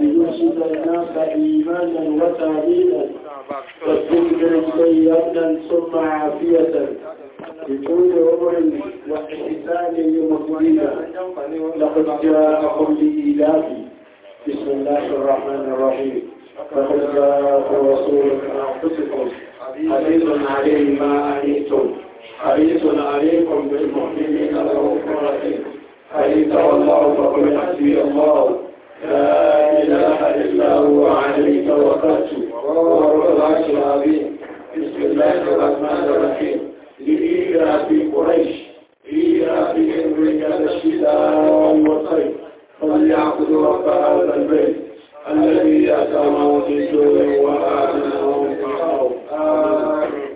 ليرشد الناس إيمانا وتعليما وتنكر سيئا ثم عافية بكل عمر واحتساب مقبولا لقد جاءكم لإيلاف بسم الله الرحمن الرحيم فقد جاءكم رسول من أنفسكم حديث عليه ما أنيتم حريص عليكم بالمؤمنين رؤوف رحيم حديث والله فقل حسبي الله لا إله إلا هو عليه توكلت وهو العرش العظيم بسم الله الرحمن الرحيم لإيلاف قريش إيلافهم رجال الشتاء والصيف فليعبدوا رب هذا البيت الذي أتاهم من جوع وآمنهم من خوف آمين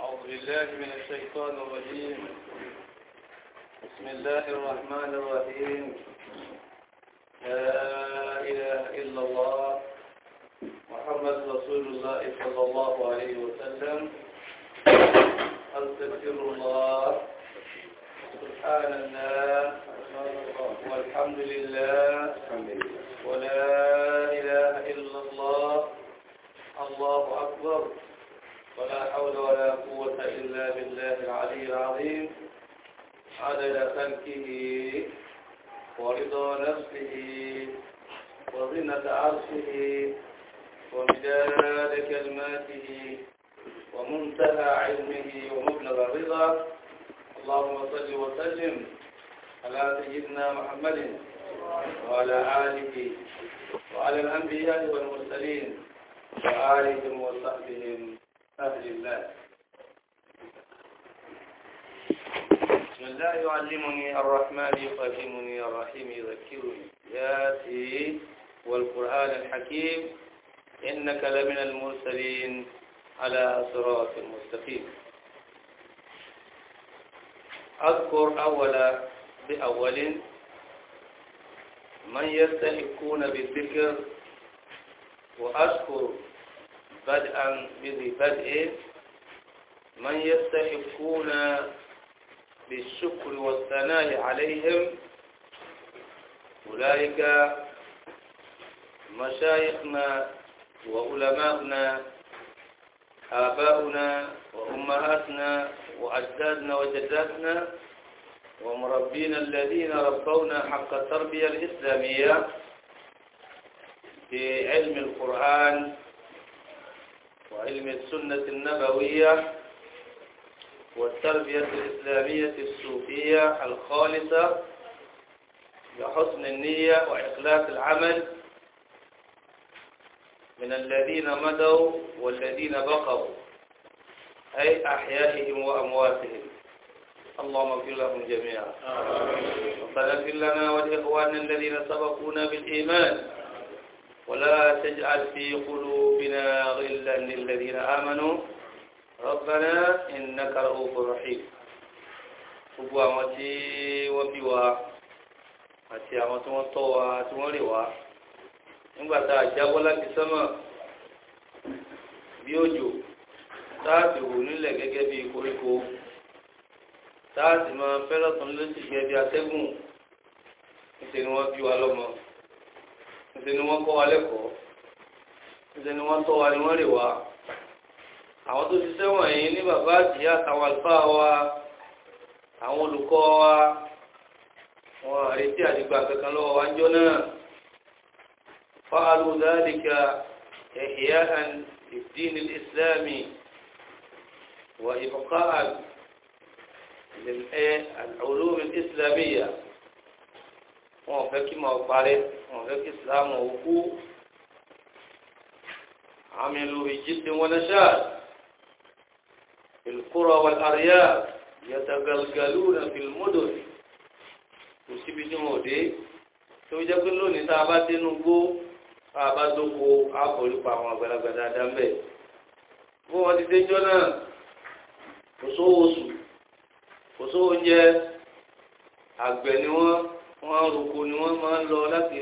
أعوذ بالله من الشيطان الرجيم بسم الله الرحمن الرحيم لا إله إلا الله محمد رسول الله صلى الله عليه وسلم أستغفر الله سبحان الله والحمد لله ولا إله إلا الله الله أكبر ولا حول ولا قوة إلا بالله العلي العظيم عدد خلقه ورضا نفسه وظنة عرشه ومداد كلماته ومنتهى علمه ومبلغ الرضا اللهم صل وسلم على سيدنا محمد وعلى آله وعلى الأنبياء والمرسلين وآلهم وصحبهم أهل الله من لا يعلمني الرحمن يقدمني الرحيم يذكرني ياتي والقرآن الحكيم إنك لمن المرسلين على صراط مستقيم أذكر أولا بأول من يستحقون بالذكر وأذكر بدءا بذي بدء من يستحقون بالشكر والثناء عليهم أولئك مشايخنا وعلماؤنا آباؤنا وأمهاتنا وأجدادنا وجداتنا ومربينا الذين ربونا حق التربية الإسلامية في علم القرآن وعلم السنة النبوية والتربية الإسلامية الصوفية الخالصة لحسن النية وإخلاص العمل من الذين مدوا والذين بقوا أي أحيائهم وأمواتهم اللهم اغفر لهم جميعا ربنا لنا ولإخواننا الذين سبقونا بالإيمان ولا تجعل في قلوبنا غلا للذين آمنوا Rabbana innaka ra'ufur rahim gbogbo àwọn tí wọ́n bí wa àti àwọn tí wọ́n tọ́ wa tí wọ́n rè wa nígbàtà àjábọ́ láti sánmà bí òjò táàtì wò nílẹ̀ gẹ́gẹ́ bí koríko táàtì máa fẹ́rẹ̀ tán lóṣì gẹ́gẹ́ bí atẹ́gùn níṣẹ́ ni wọ́n bí wa lọ́mọ níṣẹ́ ni wọ́n kọ́ wa lẹ́kọ̀ọ́ níṣẹ́ ni wọ́n tọ́ wa ni wọ́n rè wa àwọn tó ṣiṣẹ́ wọ̀nyí ní bàbá àtìyá àtàwọn àlùfáà wa àwọn olùkọ́ wa wọn àrètí àdìgbà kankan lọ́wọ́ wa ń jọ náà fa'alu dhalika ihya'an lid-din al-islami wa ibqa'an lil-ulum wọn fẹ́ kí máa parẹ́ wọn fẹ́ kí islam ò kú amilu bi jiddin wa nashad القرى والأرياف يتغلغلون في المدن òsíbi tí wọn ò dé tó jẹ́ pé lónìí tá a bá dénú gbó tá a bá dóko á forí pa àwọn àgbàlagbà dáadáa mbẹ bó wọn ti déjọ náà kò sówó oṣù kò sówó oúnjẹ àgbẹ̀ ni wọ́n wọ́n roko ni wọ́n máa ń lọ láti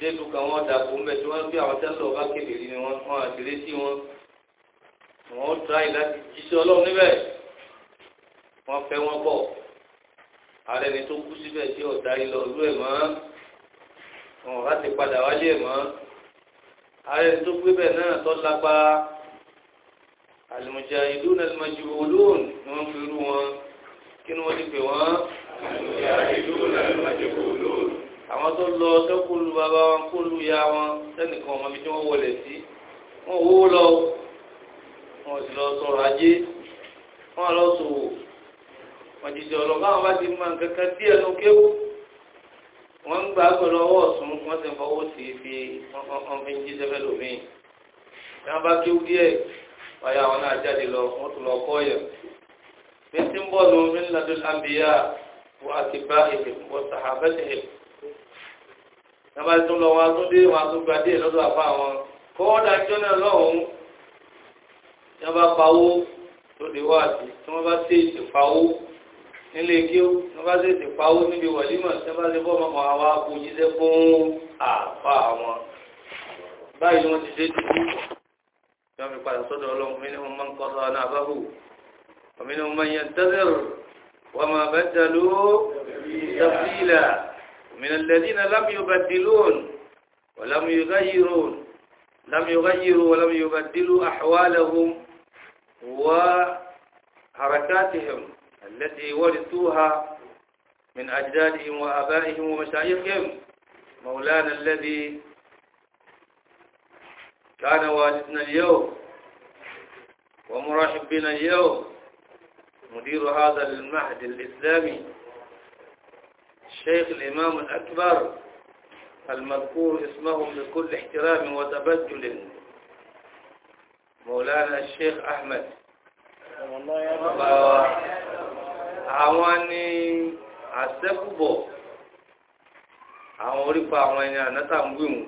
dédú kan dàbò mbẹ wọ́n gbé àwọn tẹ́lẹ̀ ọba kékeré ni wọ́n wọ́n àtìrẹ́sí wọn wọ́n tíráyì láti jíṣẹ́ ọlọ́run níbẹ̀ wọ́n fẹ́ wọ́n bọ̀ ààrẹ ni tó kú síbẹ̀ tí ọ̀dà ilọ̀ ìlú ẹ̀ mọ́ wọn bá ti padà wálé ẹ̀ mọ́ ààrẹ ni tó gbé bẹ̀ náà tó lápá àlùmọ̀jà ìlú náà lùmọ̀jù olóòn ni wọ́n fi rú wọn kí ni wọ́n ti pè wọ́n. àlùmọ̀jà ìlú náà lùmọ̀jù olóòn. àwọn tó lọ sẹ́kùlù bàbá wọn kó lu ya wọn sẹ́nìkan ọmọ mi tí wọ́n wọlé sí wọn wó lọ wọn sì lọ sọ̀rọ̀ ajé wọn lọ sòwò wọn jìjì ọ̀rọ̀ báwọn bá ti mọ nǹkan kan díẹ̀ ló kéwù wọn ń gbà gbọ́dọ̀ ọwọ́ ọ̀sùn wọn sì ń fọwọ́ sí i fi wọn fi ń jí sẹ́fẹ́ lómi tí wọn bá kéwù díẹ̀ wáyà wọn náà jáde lọ wọn tún lọ kọ́ yẹ bí tí ń bọ̀ lọ mí ladọ́ lámbíyá wọ́n àti bá èdè wọ́n sàhábẹ́tẹ̀ ẹ̀ tí wọn bá tún lọ wọn tún dé wọn tún gbà díẹ̀ lọ́dọ̀ àfa wọn kọ́ ọ́ dájọ́ náà lọ́hùn-ún tí wọ́n bá pawó lóde wá àti tí wọ́n bá sí èsì pawó nílé kí ó tí wọ́n bá sí èsì pawó níbi wàlímọ̀ tí wọ́n bá sí fọ́ọ̀mù àwọn àwọn abojíṣẹ́ fún àfa àwọn báyìí wọ́n ti dé ti kú tí wọ́n fi padà sọ́dọ̀ ọlọ́run mi ní wọ́n máa ń kọ́ sọ́ọ́ náà ọ̀mí ni wọ́n máa ń yẹn tẹ́lẹ̀rù wọ́n máa bẹ́ tẹ̀lú tẹ̀síìlà من وحركاتهم التي ورثوها من أجدادهم وآبائهم ومشايخهم مولانا الذي كان والدنا اليوم ومرحب بنا اليوم مدير هذا المعهد الإسلامي الشيخ الإمام الأكبر المذكور اسمه بكل احترام وتبجل مولانا الشيخ Ahmed. Àwọn ni àṣẹ́kùbọ̀ àwọn orípa àwọn ẹni ànátà ń wíwùn.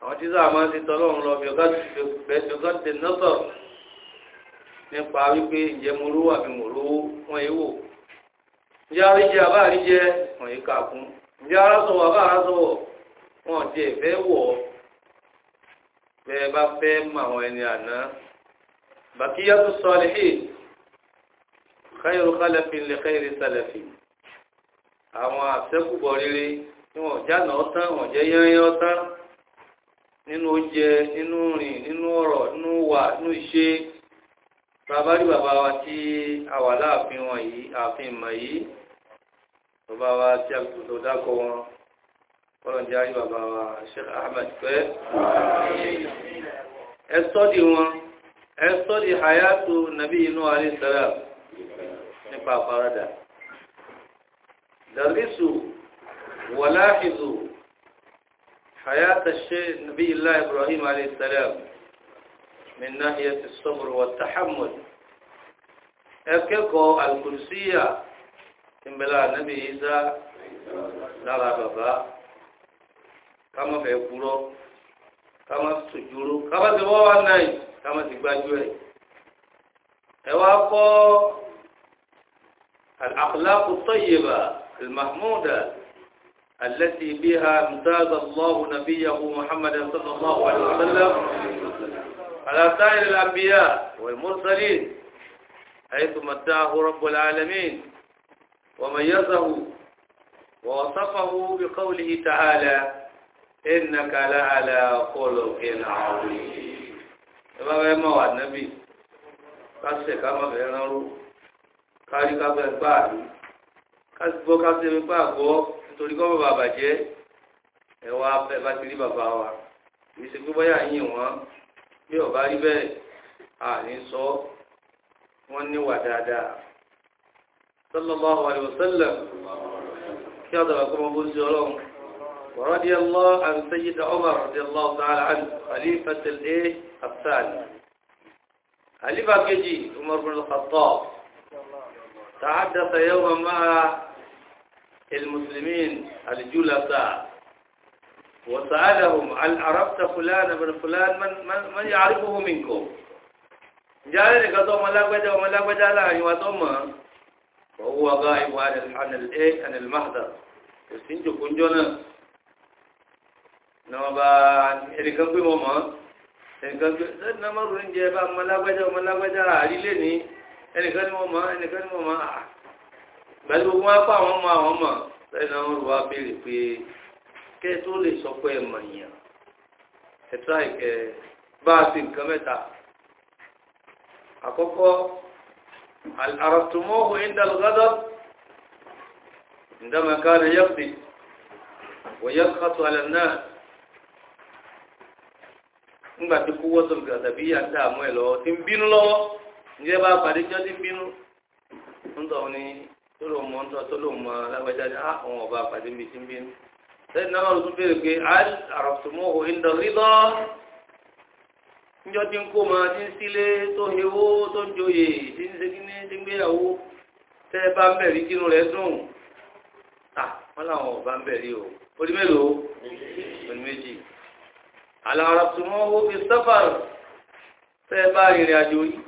Àwọn tí sáà máa ti tọ́lọ́run lọ bẹ̀ọ̀gọ́dẹ̀ nọ́tọ̀ nípa wípé ìjẹ morówó àbí morówó wọ́n yíwò. Ìjẹ́ àríjẹ àbá àríjẹ kàkún. Ìjẹ́ pé ẹ bá fẹ́ mọ àwọn ẹni àná bàkíyàtú sọlìhì khayru khalafin li khayri salafin àwọn àṣẹ́kùbọ̀ rere tí wọ́n jáná ọ̀tán wọ́n jẹ́ yẹ́yẹ́ ọ̀tán nínú oúnjẹ nínú rìn nínú ọ̀rọ̀ nínú wà nínú ìṣe bàbá rí bàbá wa tí a wà láàfin wọn yìí àfin ìmọ̀ yìí bàbá wa tí a tó dákọ̀ wọn ọlọ́run jẹ́ ayé bàbá wa Sheikh Ahmed pẹ́ ẹ sọ́dì wọn ẹ sọ́dì hayatu nabi inú alẹ́ sẹ́rà nípa àfaradà dàrísù wàláhìzù hayata ṣe nabi ilá Ibrahim alẹ́ sẹ́rà min nahiyati as-sabr wa at-tahammul ẹ kẹ́kọ̀ọ́ al-kursiyya tìǹbẹ̀lá nabi Isa lára bàbá ká má fẹ́ kúrọ́ ká má sòjúró ká má ti wọ́n wá náà ká má ti gbájú ẹ̀. ẹ wá kọ́ الأخلاق الطيبة المحمودة التي بها امتاز الله نبيه محمد صلى الله عليه وسلم على سائر الأنبياء والمرسلين حيث متاه رب العالمين وميزه ووصفه بقوله تعالى innaka la ala khuluqin azim ẹ bá fẹ́ mọ̀ wà nábì ká ṣe ká má fẹ́ rán rú kárí ká fẹ́ gbà rí ká sì gbọ́ ká ṣe pé àgọ́ nítorí kọ́ bàbá bàjẹ́ ẹ wá ẹ bá ti rí bàbá wa kì í ṣe pé bóyá yín wọn bí ọba rí bẹ́ẹ̀ àní sọ wọ́n níwà dáadáa sallallahu alaihi wasallam kí ọ̀dọ̀ bàbá kọ́ bó ṣe ọlọ́run. ورضي الله عن سيد عمر رضي الله تعالى عنه خليفة الايه الثاني خليفة كجي عمر بن الخطاب تحدث يوما مع المسلمين الجلساء وسألهم هل عرفت فلان بن فلان من من, من يعرفه منكم بد كذا ملاك وملاك لا يواتهم وهو غائب عن الايه عن المحضر يسنجو كنجونا ní wọ́n bá ẹnìkan pé wọ́n mọ̀ ẹnìkan pé lẹ́nu náà mọ̀rún oúnjẹ bá ọmọ lágbájá ọmọ lágbájá àrílé ní ẹnìkan ni wọ́n mọ̀ ẹnìkan ni wọ́n mọ̀ à gbàdúrà gbogbo wọn pa àwọn ọmọ àwọn mọ̀ lẹ́nu náà wọ́n wá béèrè pé kẹ́ tó lè sọ pé ẹ mọ̀ yàn ẹ̀tọ́ àìkẹ́ bá a ti nǹkan mẹ́ta àkọ́kọ́ àràtúmọ́hù ìdàlgádọ́ ìdàmẹ́kánà yẹ́pì wọ́yẹ́ kàtó àlẹ́ náà nígbà tí kúwọ́ tó gbà tàbí ìyá ń dààmú ẹ̀ lọ́wọ́ ti ń bínú lọ́wọ́ ǹjẹ́ bá pàdé jọ́ ti ń bínú ń tọ̀ ní tó lò mọ́ ń tọ́ tó lò mọ́ lágbájá ah, ní àwọn ọba pàdé mi ti ń bínú. sẹ́yìn náà lọ́dún béèrè pé al àròsùmọ́ ò ń dọ̀ rí lọ́ níjọ́ tí ń kó máa ti ń sílé tó hewó tó ń joyè tí ń segin tí ń gbéyàwó tẹ́ bá ń bẹ̀rí kínú rẹ̀ dùn ah, wọ́n làwọn ọba ń bẹ̀rí o àlàràtúmọ́wó fi sáfàrù tẹ́ bá rìnrìn àjò yìí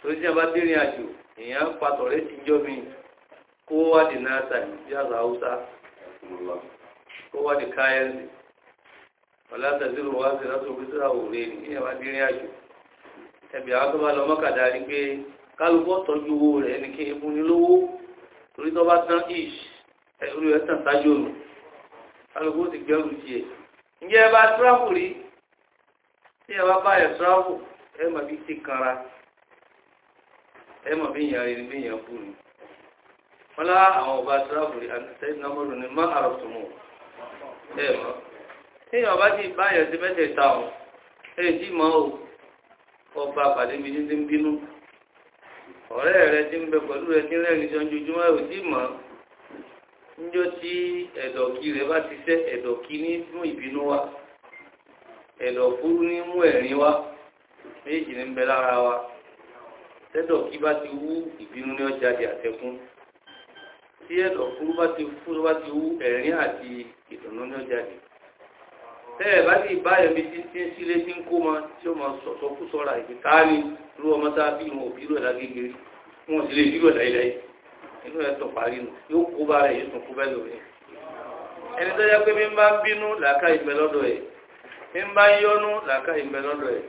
tó jẹ́ bá dé rìn àjò èèyàn patọ̀ rẹ̀ ti jọ mi kó wá di nasa bí àzà haúsá kó wá di káyẹ́ǹsì ọ̀làtàzírò wá sí láti òfin síra òòrè ní ìyẹn bá dé rìn àjò ẹbí àwọn tó bá lọ mọ́kàdá rí pé kálukú tọ́jú owó rẹ̀ ní kí ebú ní lówó torí tó bá tán ish ẹ̀rú ẹ̀ tàn sájò nù kálukú ti gbẹ́rù tiẹ̀. ǹjẹ́ ẹ bá tíráfù rí tí ẹ bá báyọ̀ ẹ mọ̀ bí ti kara ẹ mọ̀ bí yàn rí bí yàn kú lá àwọn ọba tíráfù rí àti sẹ́yìn ni má àrọ̀ tó mọ̀ ẹ mọ̀ tí ọba pàdé mi ní ti ń bínú ọ̀rẹ́ rẹ ti ń bẹ pẹ̀lú rẹ ti ń níjọ́ tí ẹ̀dọ̀kí rẹ̀ bá ti sẹ́ ẹ̀dọ̀kí ní mú ìbínú wa ẹ̀dọ̀fúrú ní mú ẹ̀rín wa méjì ní ń bẹ lára wa tẹ́dọ̀kí bá ti wú ìbínú ní ọjàdì àtẹkún tí ẹ̀dọ̀fúrú bá ti fú bá ti wú ẹ̀rín àti ìdùnnú ní ọjàdì tẹ́ẹ̀ bá ti bá ẹ̀mí tí tí ń sílé tí ń kó ma tí ó ma sọ̀tọ̀ kú sọ́ra ìpìtáàní lú ọmọ tá a bí wọn òbí rẹ̀ lágége wọn sì lè bí rẹ̀ láìláì inú rẹ̀ tún parí nù yóò kú bá rẹ̀ yóò tún kú bẹ́ẹ̀ lómi ẹni tó yẹ pé mi bá ń bínú làákà ìgbẹ́ lọ́dọ̀ ẹ̀ mi bá ń yọnu làákà ìgbẹ́ lọ́dọ̀ ẹ̀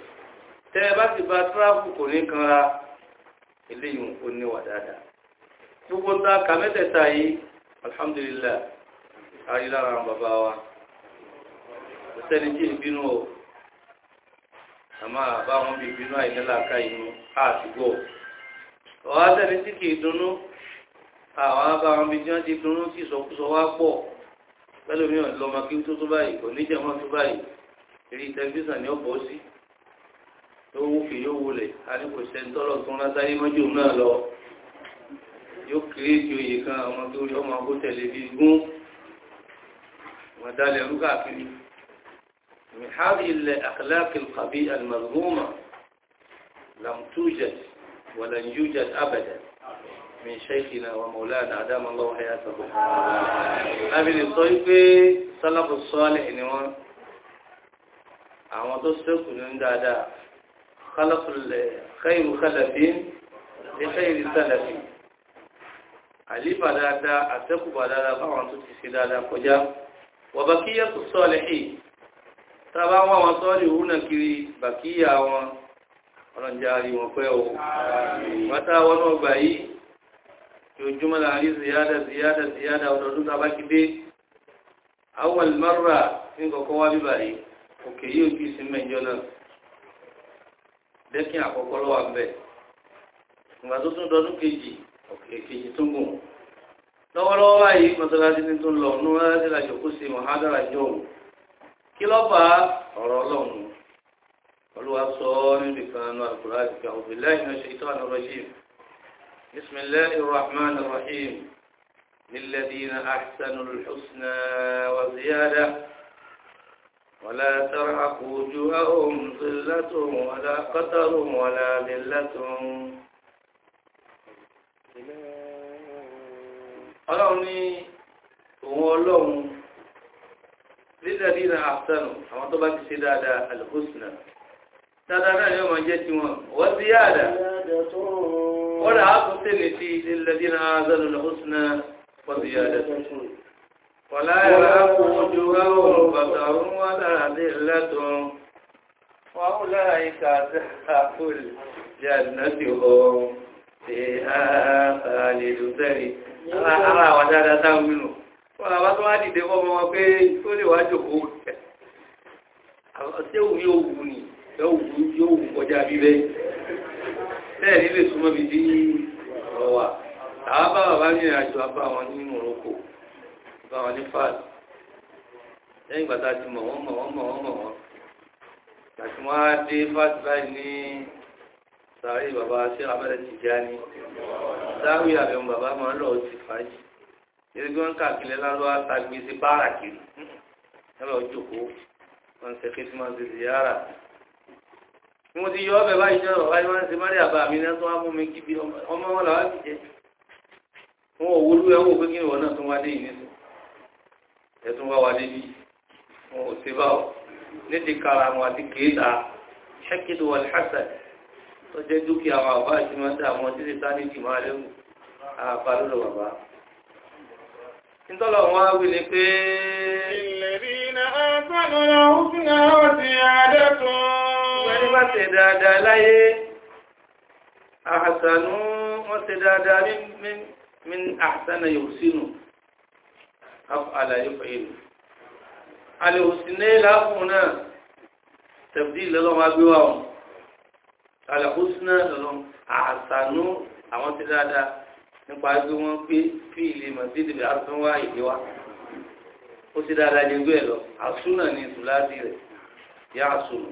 tẹ́ ẹ bá sì ba tíráàfù kò ní kanra eléyìí ò ní wà dáadáa gbogbo ta kàmẹ́tẹ̀ẹ̀ta yìí alhamdulillah àrí àwọn bàbá wa kò sẹ́ni tí ìbínú o àmọ́ àbá wọn bí ìbínú àìníláàká inú àdúgbò ọ̀há sẹ́ni tí kì í dunnú àwọn abá wọn bí jẹ́ ti dúró tí ìsọkúsọ wá pọ̀ pẹ́lúmi ọ̀lọ́mọ kí tó tó báyìí kò ní jẹ́ wọn tó báyìí eré tẹlifíṣàn ni ó bọ́ sí yóò wó fi yóò wọlé àdínkù sẹ́ńtọ́lọ̀ tó ń rásáyé mọ́jú náà lọ yóò kéré ju oyè kan ọmọ tó rí ọmọ kó tẹ̀lé bí gún wọn dálẹ̀ káàkiri mihari ilẹ̀ àkàlákì kàbí alimazuma lamtujat wàlàyújat abadan من شيخنا ومولانا أدام الله حياته أبي الطيب سلف الصالح نوان àwọn tó sẹ́kù ní dáadáa khairu khalafin ní khairi salafi àlífà dáadáa àsẹ́kù bá dáadáa báwọn tó ti sí dáadáa kọjá wà bàkíyà tó sọ́ọ̀lẹ̀hì tàbá wọn wọn sọ́ọ̀lì húnà kiri bàkíyà wọn ọ̀rọ̀njáàrí wọn pẹ́ o mátá wọn náà gbà yìí tí ojúmọ́ la rí ziyada ziyada ziyada ọdọọdún tó bá ti dé awal marra ní kọ̀kọ́ wá bíbà rí òkè yóò kí sí mẹ́jọ náà dẹ́kìn àkọ́kọ́ lọ́wọ́ bẹ́ẹ̀ ìgbà tó tún dọdún kejì òkè kejì tó gùn lọ́wọ́lọ́wọ́ báyìí mọ́sálásí ní tó lọ nínú mọ́sálásí làjọ kó ṣe mọ̀hádára jọ òun kí ló bá ọ̀rọ̀ ọlọ́run olúwa sọ ọ́ níbi kan nínú àlùkùránì àti àwọn òbí بسم الله الرحمن الرحيم للذين أحسنوا الحسنى وزيادة ولا ترعق وجوههم ظلة ولا قطر ولا ذلة أروني وولهم للذين أحسنوا كما تبقى سدادة الحسنى سدادة يوم جيتهم وزيادة kọ́dà àkùsílẹ̀ sí lilladhina azanu al-husna wa ziyadatan wàlá yàrá àkùnjú ráwọ̀ bàtàrún wà láàdé lẹ́tọ̀ọ́ wọ́n láà ìkà àkùl jannati hum fiha khalidun sẹ́rí ara àwọn dáadáa táwọn mìíràn wọ́n làbá tó wá dìde fọ́mọ wọn pé bẹ́ẹ̀ nílé súnmọ́ bí dí ọ̀wà àwọn bá bàbá ní ìrìnàjò abá wọn ní Morocco bá wọn ní fad lẹ́yìn ìgbà tá a ti mọ̀ wọ́n mọ̀ wọ́n mọ̀ wọ́n mọ̀ wọ́n àti wọ́n á dé fad báyìí ní sàárè bàbá sí abẹ́rẹ́ ti já ní sáwì àbẹ̀wò bàbá máa ń lọ sí fàájì eré bí wọ́n káàkiri lálọ́ àtàgbèsè báàrà kiri wọ́n lọ jókòó ń sẹ́kẹ́ tí wọ́n ti ni mo ti yọ ọbẹ̀ báyìí jẹ́ ọ̀rọ̀ báyìí wọ́n ń ṣe mọ́rí àbá mi náà tó wá mú mi kíbi ọmọ wọn làwọn ti jẹ wọn ò wúlú ẹ wò pé kí ni wọn náà tún wá dé yìí nísìn ẹ tún wá wá dé bí wọn ò ṣe báwò ní ti kára wọn àti kéèta ṣẹ́kìdù wọn hasad tó jẹ́ dúkìá àwọn àbá àti mọ́tà àwọn títí sáni jì máa léwu àbá ló lọ bàbá. nítorí wọn á wí ni pé. ìlẹ̀rí náà sọ̀rọ̀ òfin àwọn ti àdẹ́kùn gbogbo ẹni bá ṣe dáadáa láyé àhàsànú wọ́n ṣe min àhàsànà yóò sínú àlàyé fẹ́yìnù àlèhùsìnlẹ̀ láàfún náà tẹ̀bí lọ́lọ́wọ́ agbéwà wọn àlèhùsìnà lọ́lọ́wọ́ àhàsànú àwọn ṣe dáadáa nípa gbé wọn pé fi ilé mọ̀sídìí bí arúgbó ìdíwà ó ṣe dáadáa jẹ́ gbé ẹ̀ lọ àsúnà ní ìtùláàdì rẹ̀ yá àsùnà.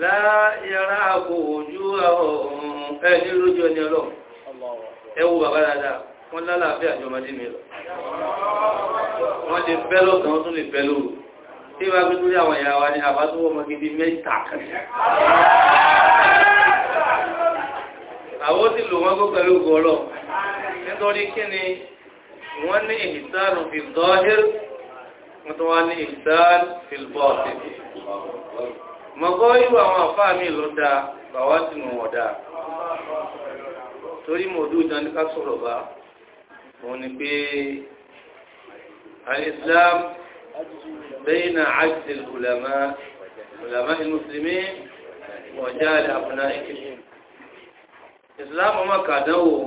láyàrá àpò ojú ẹni lójú ẹni ọlọ́ ẹwú bàbá dáadáa wọ́n lálàáfíà àjọmọdé mi lọ wọ́n lè bẹ́ lọ́kàn tún lè bẹ́ lóru tí wá gbé lórí àwọn ìyàwó ní àbátúwọ́ ọmọ gidi mẹ́ta àwọn tí lò wọ́n kó pẹ̀lú gọ́ọ̀lọ́ nítorí kí ni wọ́n ní ìhìsáàrù fi dọ́ọ̀hìr wọ́n tó wá ní ìhìsáàrù fi bọ́ọ̀tì mọ̀gọ́ irú àwọn àfá mi ló dá bàwá sí mọ̀ wọ̀ dá torí mọ̀dú ìdáníká sọ̀rọ̀ bá wọn ni pé al-Islam bayna ajzi al-ulama ulama al-muslimin wa jahli abna'ihim Islam ọmọ kàdánwò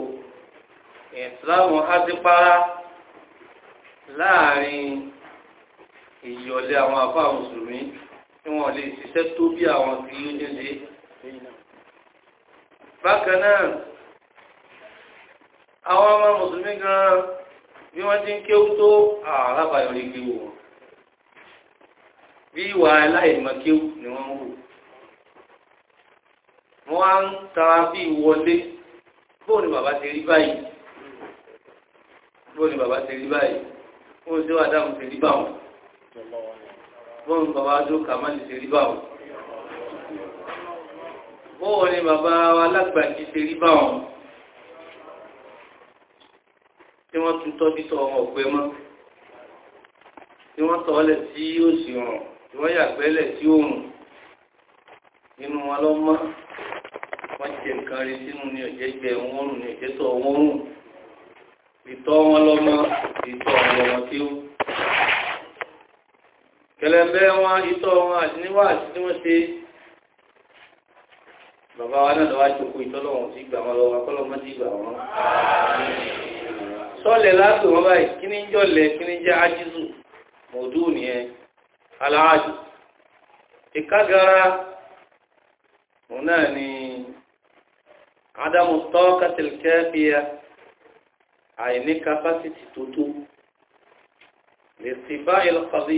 Islam hásípárá láàrin ìyọ̀lẹ̀ àwọn àfá mùsùlùmí tí wọ́n lè ṣiṣẹ́ tó bí àwọn tí ó ní ṣe. bákan náà àwọn ọmọ mùsùlùmí gan bí wọ́n ti ń kéwú tó àlábàáyọ̀ lè gbé wò bí ìwà aláìmọ̀ kéwú ni wọ́n wò wọ́n á ń tara bí ìwọlé bóò ni bàbá ti rí báyìí bóò ni bàbá ti rí báyìí bóò ni bàbá ti rí báwọn bóun bàbá adó kàmáàlì ṣe rí báwọn bóun ni bàbá alágbàjì ṣe rí báwọn tí wọ́n tún tọ́jú tọ́ ọmọ òpé mọ́ tí wọ́n tọ́ ọlẹ̀ tí yóò sì rùn tí wọ́n yàgbẹ́lẹ̀ tí ó rùn nínú wọn lọ mọ́ wọ́n jẹ nǹkan rí sínú ní ọ̀jẹ́ gbẹ wọn rùn ní ọ̀jẹ́ tọ́ wọn rùn ìtọ́ wọn lọ́mọ ìtọ́ wọn lọ́mọ tí ó pẹ̀lẹ̀mbẹ́ wọn ìtọ́ wọn àti níwà àti tí wọ́n ṣe bàbá wa náà lọ́wọ́ àjòkó ìtọ́lọ́wọ́n ti gbà wọn lọ́wọ́ akọ́lọ́mọ́ ti gbà wọn sọ́lẹ̀ látò wọn báyìí kí ní jọ́lẹ̀ kí ní jẹ́ ájízù mọ̀dú nìyẹn aláàjù ìkágara òun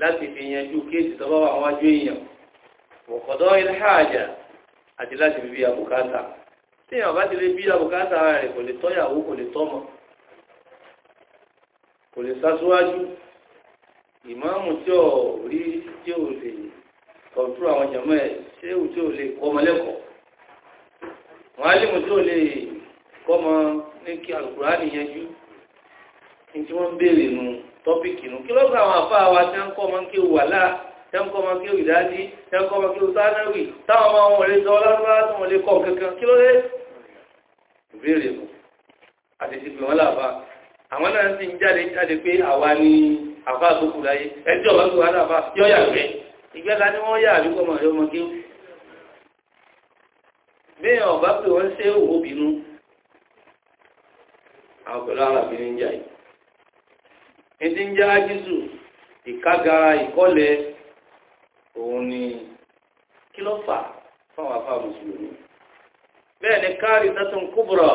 láti fi yanjú kéèsì tó bá wà wájú èèyàn ọ̀kọ̀dọ́ ìlhàjà àti láti fi bí abùkátà tí èèyàn bá ti lè bí abùkátà rẹ̀ kò lè tọ́yàwó kò lè tọ́mọ kò lè sásúwájú ìmáàmù tí ò rí tí ò lè kọ̀ọ̀tún àwọn jàmọ́ ẹ̀ ṣé èwù tí ò lè kọ́ ọmọ lẹ́kọ̀ọ́ màálìmù tí ò lè kọ́ ọmọ ní kí alùpùránì yanjú ní tọ́pìkì nù kí ló gba àwọn àfa wa tí wọ́n kọ́ máa ń ké wàhálà tí wọ́n kọ́ máa ń ké ìdájí tí wọ́n kọ́ máa ń ké sánáwì táwọn máa wọn lè sọ lásán tí wọ́n lè kọ́ kankan kí ni àfa tó kù láyé ẹjọ́ bá tó wà láàbà yọ yà gbẹ ìgbẹ́ka ni wọ́n yà àbíkọ́ ọmọ yọ ọmọ kéwù bẹ́ẹ̀ ẹni ń jẹ́ ájísù ìkágara ìkọ́lẹ̀ òun ni kí ló fà fáwọn afá mùsùlùmí bẹ́ẹ̀ ni káàrí tẹ́tùn kúbùrà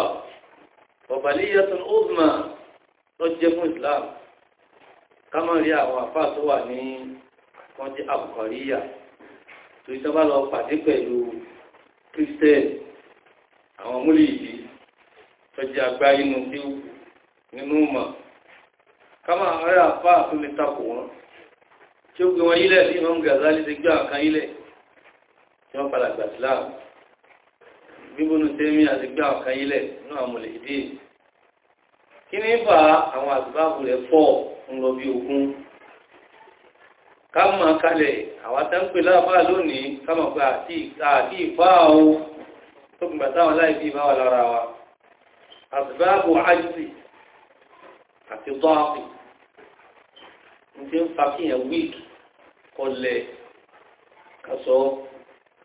ọ̀bàlíyà tún uzma tó jẹ́ fún Islam ká má rí àwọn afá tó wà ní wọ́n jẹ́ àbùkọ̀ríyà tó ìjọba lọ pàdé pẹ̀lú kírísítẹ́nì àwọn múlì yìí tó jẹ́ agbá inú bíu nínú mọ̀ Kama àárẹ̀ àfá àtúnlẹ̀ takò wọn tí ó gbé wọn ilẹ̀ bí Imam Ghazali ti gbé àkán ilẹ̀ tí wọ́n padà gbà Islam bíbónú tẹ́mí àti gbé àkán ilẹ̀ ní àmọ̀lẹ̀ ìdí kí ní fa àwọn àtìbáàbù rẹ̀ pọ̀ ńlọ bí ogun kámà kalẹ̀ àwọn atẹ́ńpẹ̀ láàbá lónìí kámà pé àti ìfá o tó gbà táwọn láìpẹ́ ìfá wà lára wa àtìbáàbù àjì àti dọ́ọ̀pì ntí ń fa kíyàn wíìk kọlẹ kásọ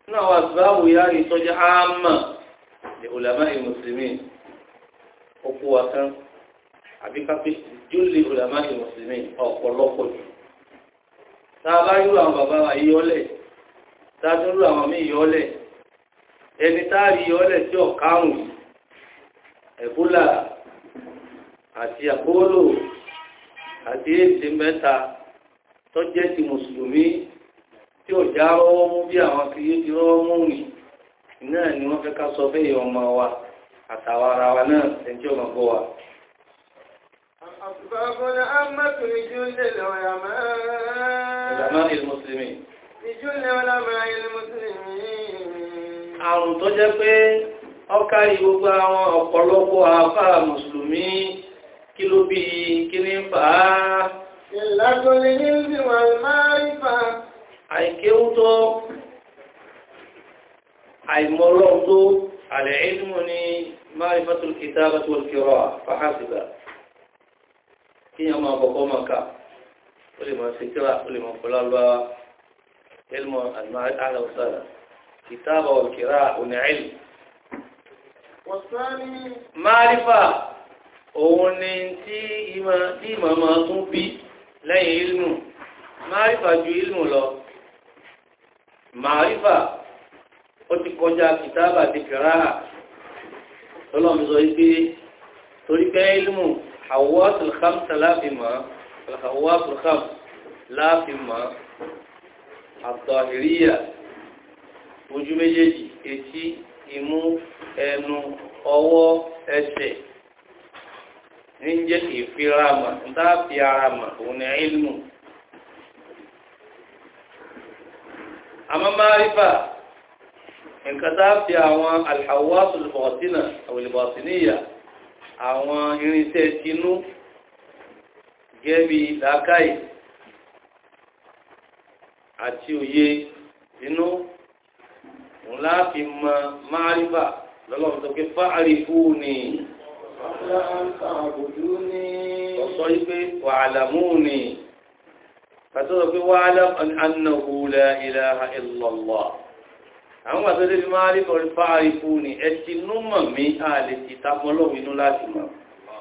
nínú àwọn àgbáwò yá ìtọjá àmà ní ulama mùsùlùmí òkú wa tán àbí kápẹ júlì ulama mùsùlùmí ọ̀pọ̀lọpọ̀ jù tá a bá yúrò àwọn bàbá wa yíyọlẹ tá a tún rú àwọn míì yọlẹ ẹni tá a rí yọlẹ tí ọkàrùn ẹbúlà àti àkóòlò. àdéhìsí mẹ́ta tó jẹ́ ti mùsùlùmí tí ò já rọ́wọ́ mú bí àwọn kìí ti rọ́wọ́ mú rìn náà ni wọ́n fẹ́ ká sọ fẹ́ yọ ọmọ wa àtàwà ara wa náà ẹjọ́ ọmọ bọ́ wa. Àrùn tó jẹ́ pé gbogbo àwọn kí ló bí kí ní fà á. ìlàgọ́lẹ̀ ní ìwà ìmáàrífà. àìkéwú tó àìmọ́lọ́ tó àlẹ́ ìdúnmọ̀ ní máàrífàtò kìtàbàtò kìrọ̀ fàhásìbà kí yàn máa bọ̀kọ́ máa kà ó lè máa ṣe kíra ó lè máa fọlá lọ́wọ́ ilmọ̀ àlàwọ̀sára kìtàbà kìrà òní òun ni tí ìmọ̀ máa tún bí lẹ́yìn ilmù márífà ju ilmù lọ márífà ó ti kọjá kìtàbà ti kìrá lọ́lọ́mìsọ ipé torí pé ilmù àwọ́sùl khamsa láfimọ̀ àwọ́sùl khamsa láfimọ̀ àtọ̀hìríyà ojú méjèèjì etí imú ẹnu ọwọ́ ẹsẹ̀ ní ń jẹ́ ìfira mà ń tá ilmu. àmọ́ márífà nǹkan tá fi àwọn alhawasu lùbọ̀tínà àwòlùbọ̀tíníyà àwọn irinṣẹ́ tinú gẹ́bí dakai, àti òye inú òun láàfin mọ márífà lọ́lọ́run tó ké Ó sọ wípé wa'lamuni kàtọ́rọ̀ pé wa'lam annahu la ilaha illallah. Àwọn àtọ́jẹ́ bí máa rí kọrí fáàrí fún ni ẹ ti nú mọ̀ mí a lè ti ta mọ́lọ́run inú láti mọ̀.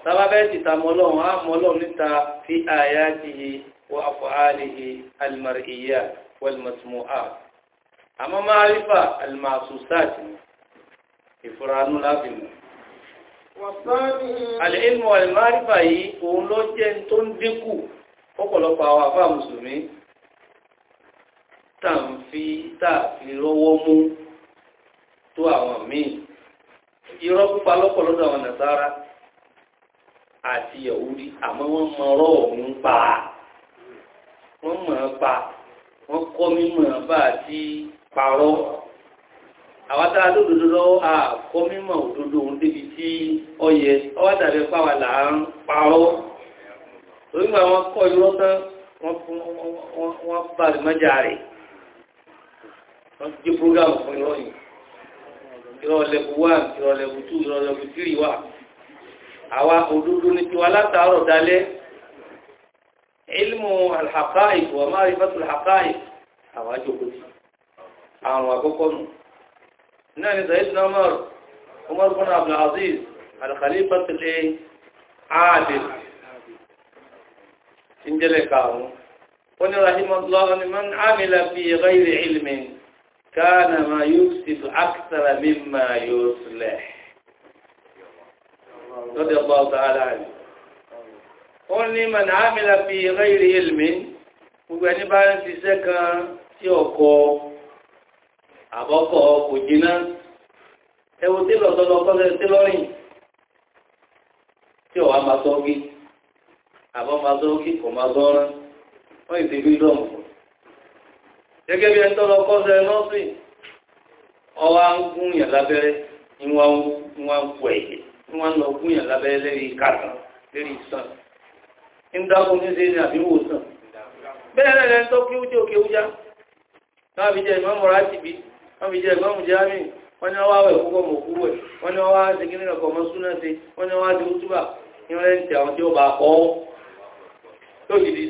Tábá bẹ́ẹ̀ ti ta mọ́lọ́run á nú láti mọ̀. Al-ilmu wal-ma'rifa yìí òun ló jẹ́ tó ń dínkù ọ̀pọ̀lọpọ̀ àwọn àfáà mùsùlùmí tàǹfí tààfi rọ́wọ́ mú tó àwọn míì irọ́ pípa lọ́pọ̀ lọ́dọ̀ àwọn nàṣàrà àti yahudi àmọ́ wọ́n mọ ọ̀rọ̀ ọ̀hún pa wọ́n mọ̀ ọ́ pa wọ́n kọ́ mímọ̀ bá àti parọ́ àwọn tá a lódodo lọ́wọ́ àkọ́ mímọ̀ òdodo òun débi tí ọyẹ ọwọ́ tàbí pàwà là ń parọ́ onígbà wọn kọ́ irọ́ tán wọ́n fún wọn bá lè mọ́jà rẹ̀ wọ́n ti jẹ́ programu fún irọ́ yìí irọ́ lẹ́bù one irọ́ lẹ́bù two irọ́ lẹ́bù three wà àwa òdodo ní tiwa látàárọ̀ dalẹ́ ilmu alhaqa'iq wa ma'rifatul haqa'iq àwọn àjòkòtì àwọn àkọ́kọ́ nù náà ni sàyẹ́sì náà mọ̀rọ̀ Umar bin Abdul Aziz al-Khalifa tilé adil tí ń jẹ́lẹ̀ káàmù ó ní rahimahullah ni man amila fi ghayri ilmin kana ma yufsidu akthara mimma yuslih lọ́dẹ̀ ọba ọ̀tà aláàrí ó ní man amila fi ghayri ilmin gbogbo ẹni bá ń ṣiṣẹ́ kan tí ọkọ̀ àbọ́kọ̀ kò jiná ewu tí lọ́tọ́lọ́ tọ́lẹ̀ lọ́rìn tí ọ̀wá máa tọ́ gí àbọ̀ máa tọ́ gí kò máa tọ́ rán wọ́n ìdí bí dọ̀mù gẹ́gẹ́ bí ẹni nọ́ọ̀sì ọwá ń gún yàn lábẹ́rẹ́ ń pọ̀ ń lọ gún yàn lábẹ́rẹ́ sàn ń dákun ní sí ní sàn bẹ́ẹ̀ wọ́n fi jẹ́ ẹ̀gbọ́n jami wọ́n wọ́n wá wẹ̀ púpọ̀ mọ̀ kúrò ẹ̀ wọ́n wọ́n wá ọkọ̀ mọ́ sí wọ́n wọ́n wá ní wọ́n àwọn tí ó bá kọ́ ti ṣe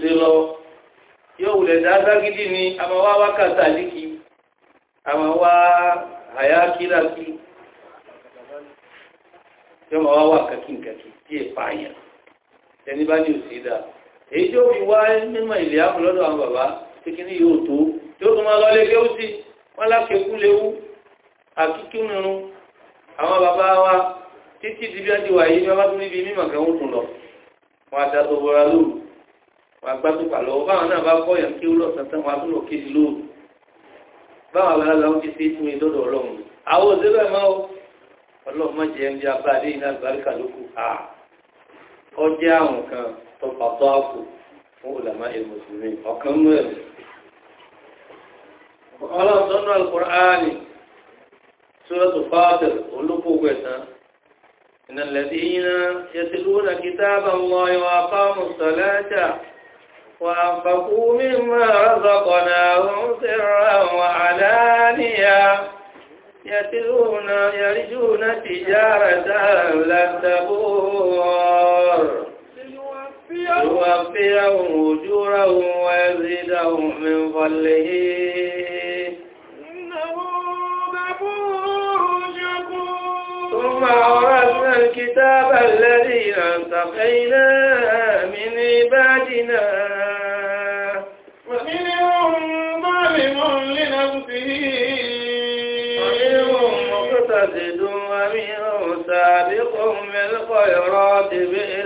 ti lọ yóò wulẹ̀ dáadáa gidi ni àmọ́ wá wákàtà líkì àmọ́ wá yóò wá tí ìpààyàn ẹni bá ní òsì dà èyí tí ó fi wá mímọ ìlẹ̀ ààbò lọ́dọ̀ àwọn bàbá kékeré yóò tó tí ó tún máa lọ lé kéwú sí wọn lákèékú léwú àkíkú nírun àwọn bàbá wa títí di bí a ti wà yìí bí a bá tún níbi mímọ̀ kan ó tún lọ wọn àti àtọ̀bọ̀ra lóru wọn àgbàtúpà lọ́wọ́ báwọn náà bá kọ́ yàn kéwú lọ́sàn-án wọn àtúnlọ̀ kéde lóru báwọn àgbàlagbà ń ó jẹ́ àwọn kan tó pàtó àpò fún ulama ìmùsùlùmí e ọ̀kan mú ẹ̀rù ọlọ́sọ́nà alkùránì sóràtù fàtìr olókòwò ẹ̀sán ìnàlẹ̀dínà yẹtìlúnà kìtàbà wọ́n wà fáàmù sọ̀lẹ́jà وأنفقوا مما رزقناهم سرا وعلانية يتلون يرجون تجارة لن تبور يوفيهم أجورهم ويزيدهم من فضله إنه ثم أورثنا الكتاب الذي انتقينا من عبادنا دی وی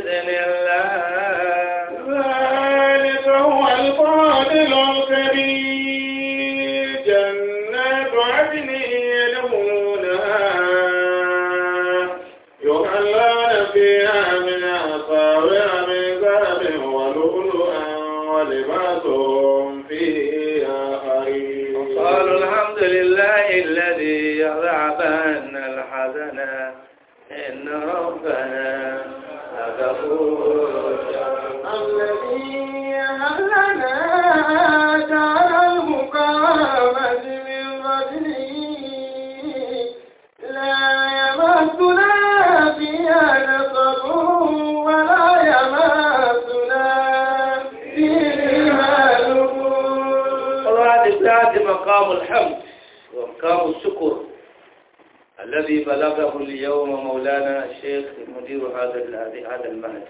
هذا المنهج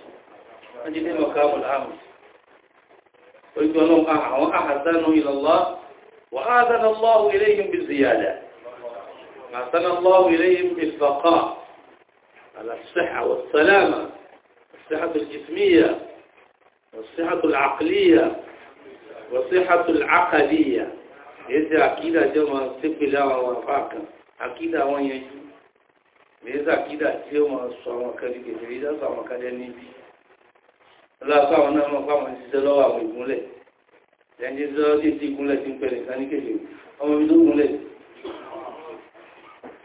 نجد إيه مقام الأمر قلت لهم أحسنوا إلى الله وآذن الله إليهم بالزيادة أحسن الله إليهم بالبقاء على الصحة والسلامة الصحة الجسمية والصحة العقلية والصحة العقدية يجي عقيدة جمع سبلا وفاقا عقيدة وين me yasa kida tí ó máa sọ àwọn kan di kèfèrí dá sọ àwọn kan dẹni bí lọ́sọ àwọn náà máa fáwọn ṣiṣẹ́ lọ́wọ́ àwọn ìgúnlẹ̀ ẹni tí ó ti ti ìgúnlẹ̀ ti ń pẹ̀lẹ̀ ká ní kèfèrí ọmọ mi tó gúnlẹ̀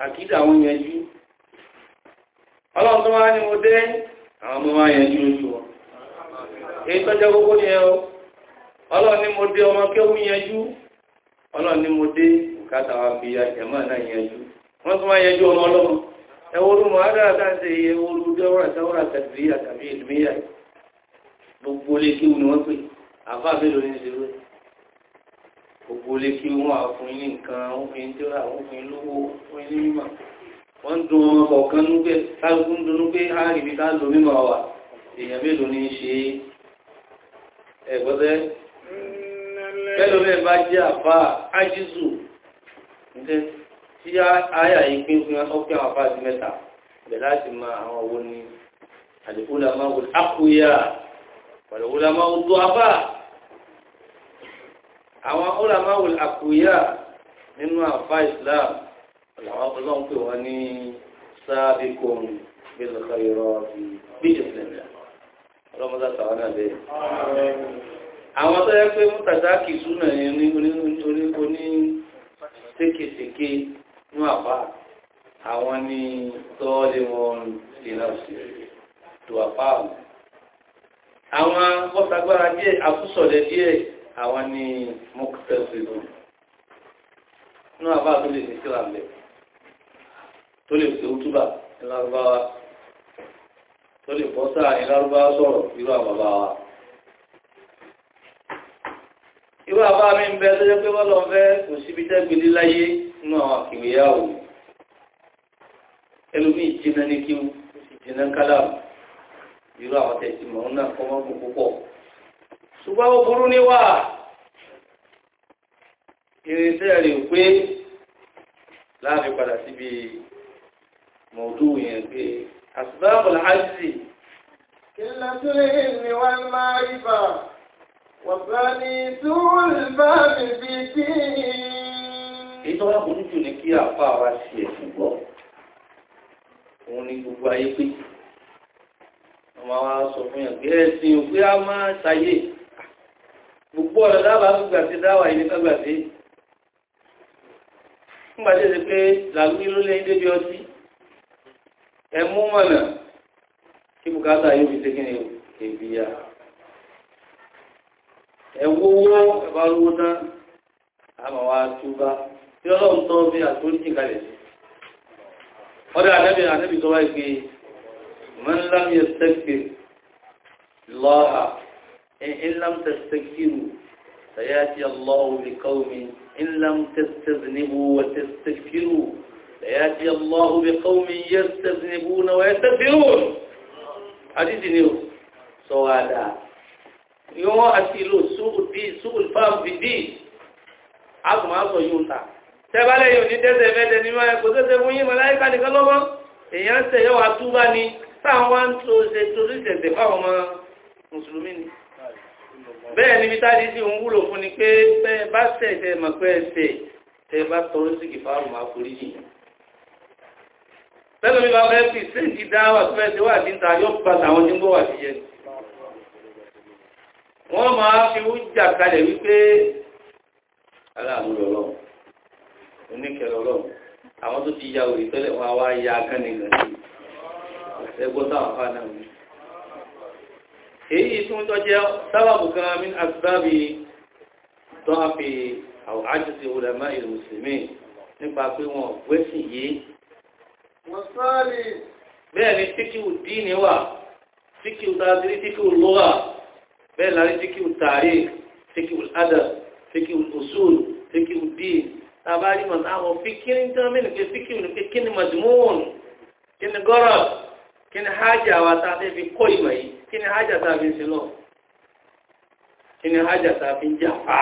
àkídà àwọn yanjú ọlọ́run tó wá ní mo dé àwọn ọmọ wa yanjú ojú wọn èyí tọ́jọ́ gbogbo ni e o ọlọ́run ní mo dé ọmọ kéwú yanjú ọlọ́run ní mo dé bùkátà wa fi ẹ̀mọ́ náà yanjú wọ́n tún wá yanjú ọmọ ọlọ́run ẹwọ́rú mọ̀ádá àkáǹtẹ̀ iye orú dẹ́wọ́rà tẹ́wọ́rà tẹ̀síríyà tàbí ìlúmíyà gbogbo lè kí wọn pè àbá ní gbogbo lè kí wọn àfún ilé nǹkan òfin tíra òfin lówó òfin ní mímọ̀ wọ́n dùn ọmọ kọ̀ọ̀kan núgbẹ́ kálukú ń dunú pé ká lò mímọ̀ wà èèyàn mélòó ní ṣe bá jẹ́ ájísù tí àyà yìí gbé fún ọkẹ́ àwọn afáàsì mẹ́ta bẹ̀ láti ma àwọn owó ní àdìkúlà máa wò ákúyà pàdàkúlà máa wò tó abá àwọn ọlà máa wò ákúyà nínú àfá Islam làwọn ọlọ́run pè wọ́n ní sábìkùn bílùkọ́ ìrọ̀ bí ìsìnlẹ̀ ọlọ́mọdé àtàwọn náà bẹ́ẹ̀. àwọn tó yẹ pé mú tàtàkì súnà ní oní oní oní sékèsékè ní àpá àwọn ni tọ́ọ́lẹ̀ wọn lè náà sí tó àpá àwọn. àwọn bọ́sàgbára díẹ̀ àkúsọ̀lẹ̀ díẹ̀ àwọn ni mọ́kútẹ́sì lọ ní àpá tó lè ní síra mẹ́ tó lè fi òtúbà ìlárúbáwá tó lè bọ́sà ìlárúbáwá sọ̀rọ̀ irú àbàbà wa irú àbá mi ń bẹ tó jẹ́ pé wọ́n lọ fẹ́ kò síbi tẹ́gbẹ̀lé láyé nínú àwọn àkìwéyàwó ẹlòmíì jìnnà ní kí ó sì jìnnà kálàmù irú àwọn tẹ̀sí mọ̀ náà kọ́mọ́ kò púpọ̀ ṣùgbọ́n ó burú níwà irinṣẹ́ rẹ̀ pé láàrin padà síbi mọ̀ọ́dú yẹn pé àṣìbáàbò láàájì kí látúrí ni wọ́n máa rí bà wọ́n bá ní túwọ́n bá mi bí kí èyí tó wà kó jù ní kí àfa wa ṣe ẹ̀sùn gbọ́ òun ni gbogbo ayé pé wọ́n máa wá sọ fún yàn pé ẹ̀sìn òpé a máa ṣayé gbogbo ọ̀nà dábàá tó gbà sí dáwà yìí ní ká gbà sí nígbà tí èsì pé làlúbí ló lẹ́yìn débi ọtí ẹ mú mọ̀nà kí bùkátà yóò fi ṣe kí ya ẹ wówó ẹ bá lówó tán a máa túbá. tí ọlọ́run tó bí àtúntì kalẹ̀ sí ọdá ànábì ànábì tó wáyé pé man lam yastaghfir lọ́ha in lam tastaghfiru sayati Allahu bi qawmin in lam tastaznibu wa tastaghfiru sayati Allahu bi qawmin yastaznibuna wa yastaghfirun àdídì ni ó sọ wá dáa yọ́n àti ìlú sùúrù bíi sùúrù fáwọn bíi bíi a kò máa sọ yóò ta tẹ́bálẹ̀ yóò ní dẹ́sẹ̀ mẹ́tẹ̀ ní máa ẹ̀kọ́ tẹ́sẹ̀ fún yín mọ̀láyíká nìkan lọ́wọ́ èèyàn ṣe yọ wá túbá ni táwọn wá ń tó ṣe torí ṣẹ̀ṣẹ̀ fáwọn ọmọ mùsùlùmí ni. bẹ́ẹ̀ ni bítáàdì sì ń wúlò fún ni pé bẹ́ẹ̀ bá ṣẹ̀ṣẹ̀ mọ̀ pé ẹ̀ṣẹ̀ tẹ́ bá tọrọ sí kì fáwọn máa forí yìí. bẹ́ẹ̀ lómi bá fẹ́ fi sẹ́ǹtì dá wà tó fẹ́ẹ́ wà níta yóò gba tàwọn tí ń bọ̀ wà sí yẹn. wọ́n máa fi wújà kalẹ̀ wípé aláàmúlò ọlọ́run oníkẹrẹ ọlọ́run àwọn tó ti ya òrì tẹ́lẹ̀ wọn wá ya akánigàn sí ẹgbọ́n táwọn fà náà wí. èyí tún tọ́jẹ́ sábàbù kan min asbábi tó á fi àwọn àjọsí ulama ìlú mùsùlùmí nípa pé wọn wẹ́sìn yìí. mọ̀sáàlì. bẹ́ẹ̀ ni síkìwù díìnì wà síkìwù tàbí síkìwù lọ́wà bẹ́ẹ̀ lárí síkìwù tàrí síkìwù adab síkìwù usul síkìwù díìnì tabali mọ̀ àwọn fíkìrì tí wọ́n mẹ́rin pé fíkìrì ní pé kí ni mazmun kí ni wa ta fẹ́ fi kó ìmọ̀ yìí ta fi ń sin haja ta fi ń jà fa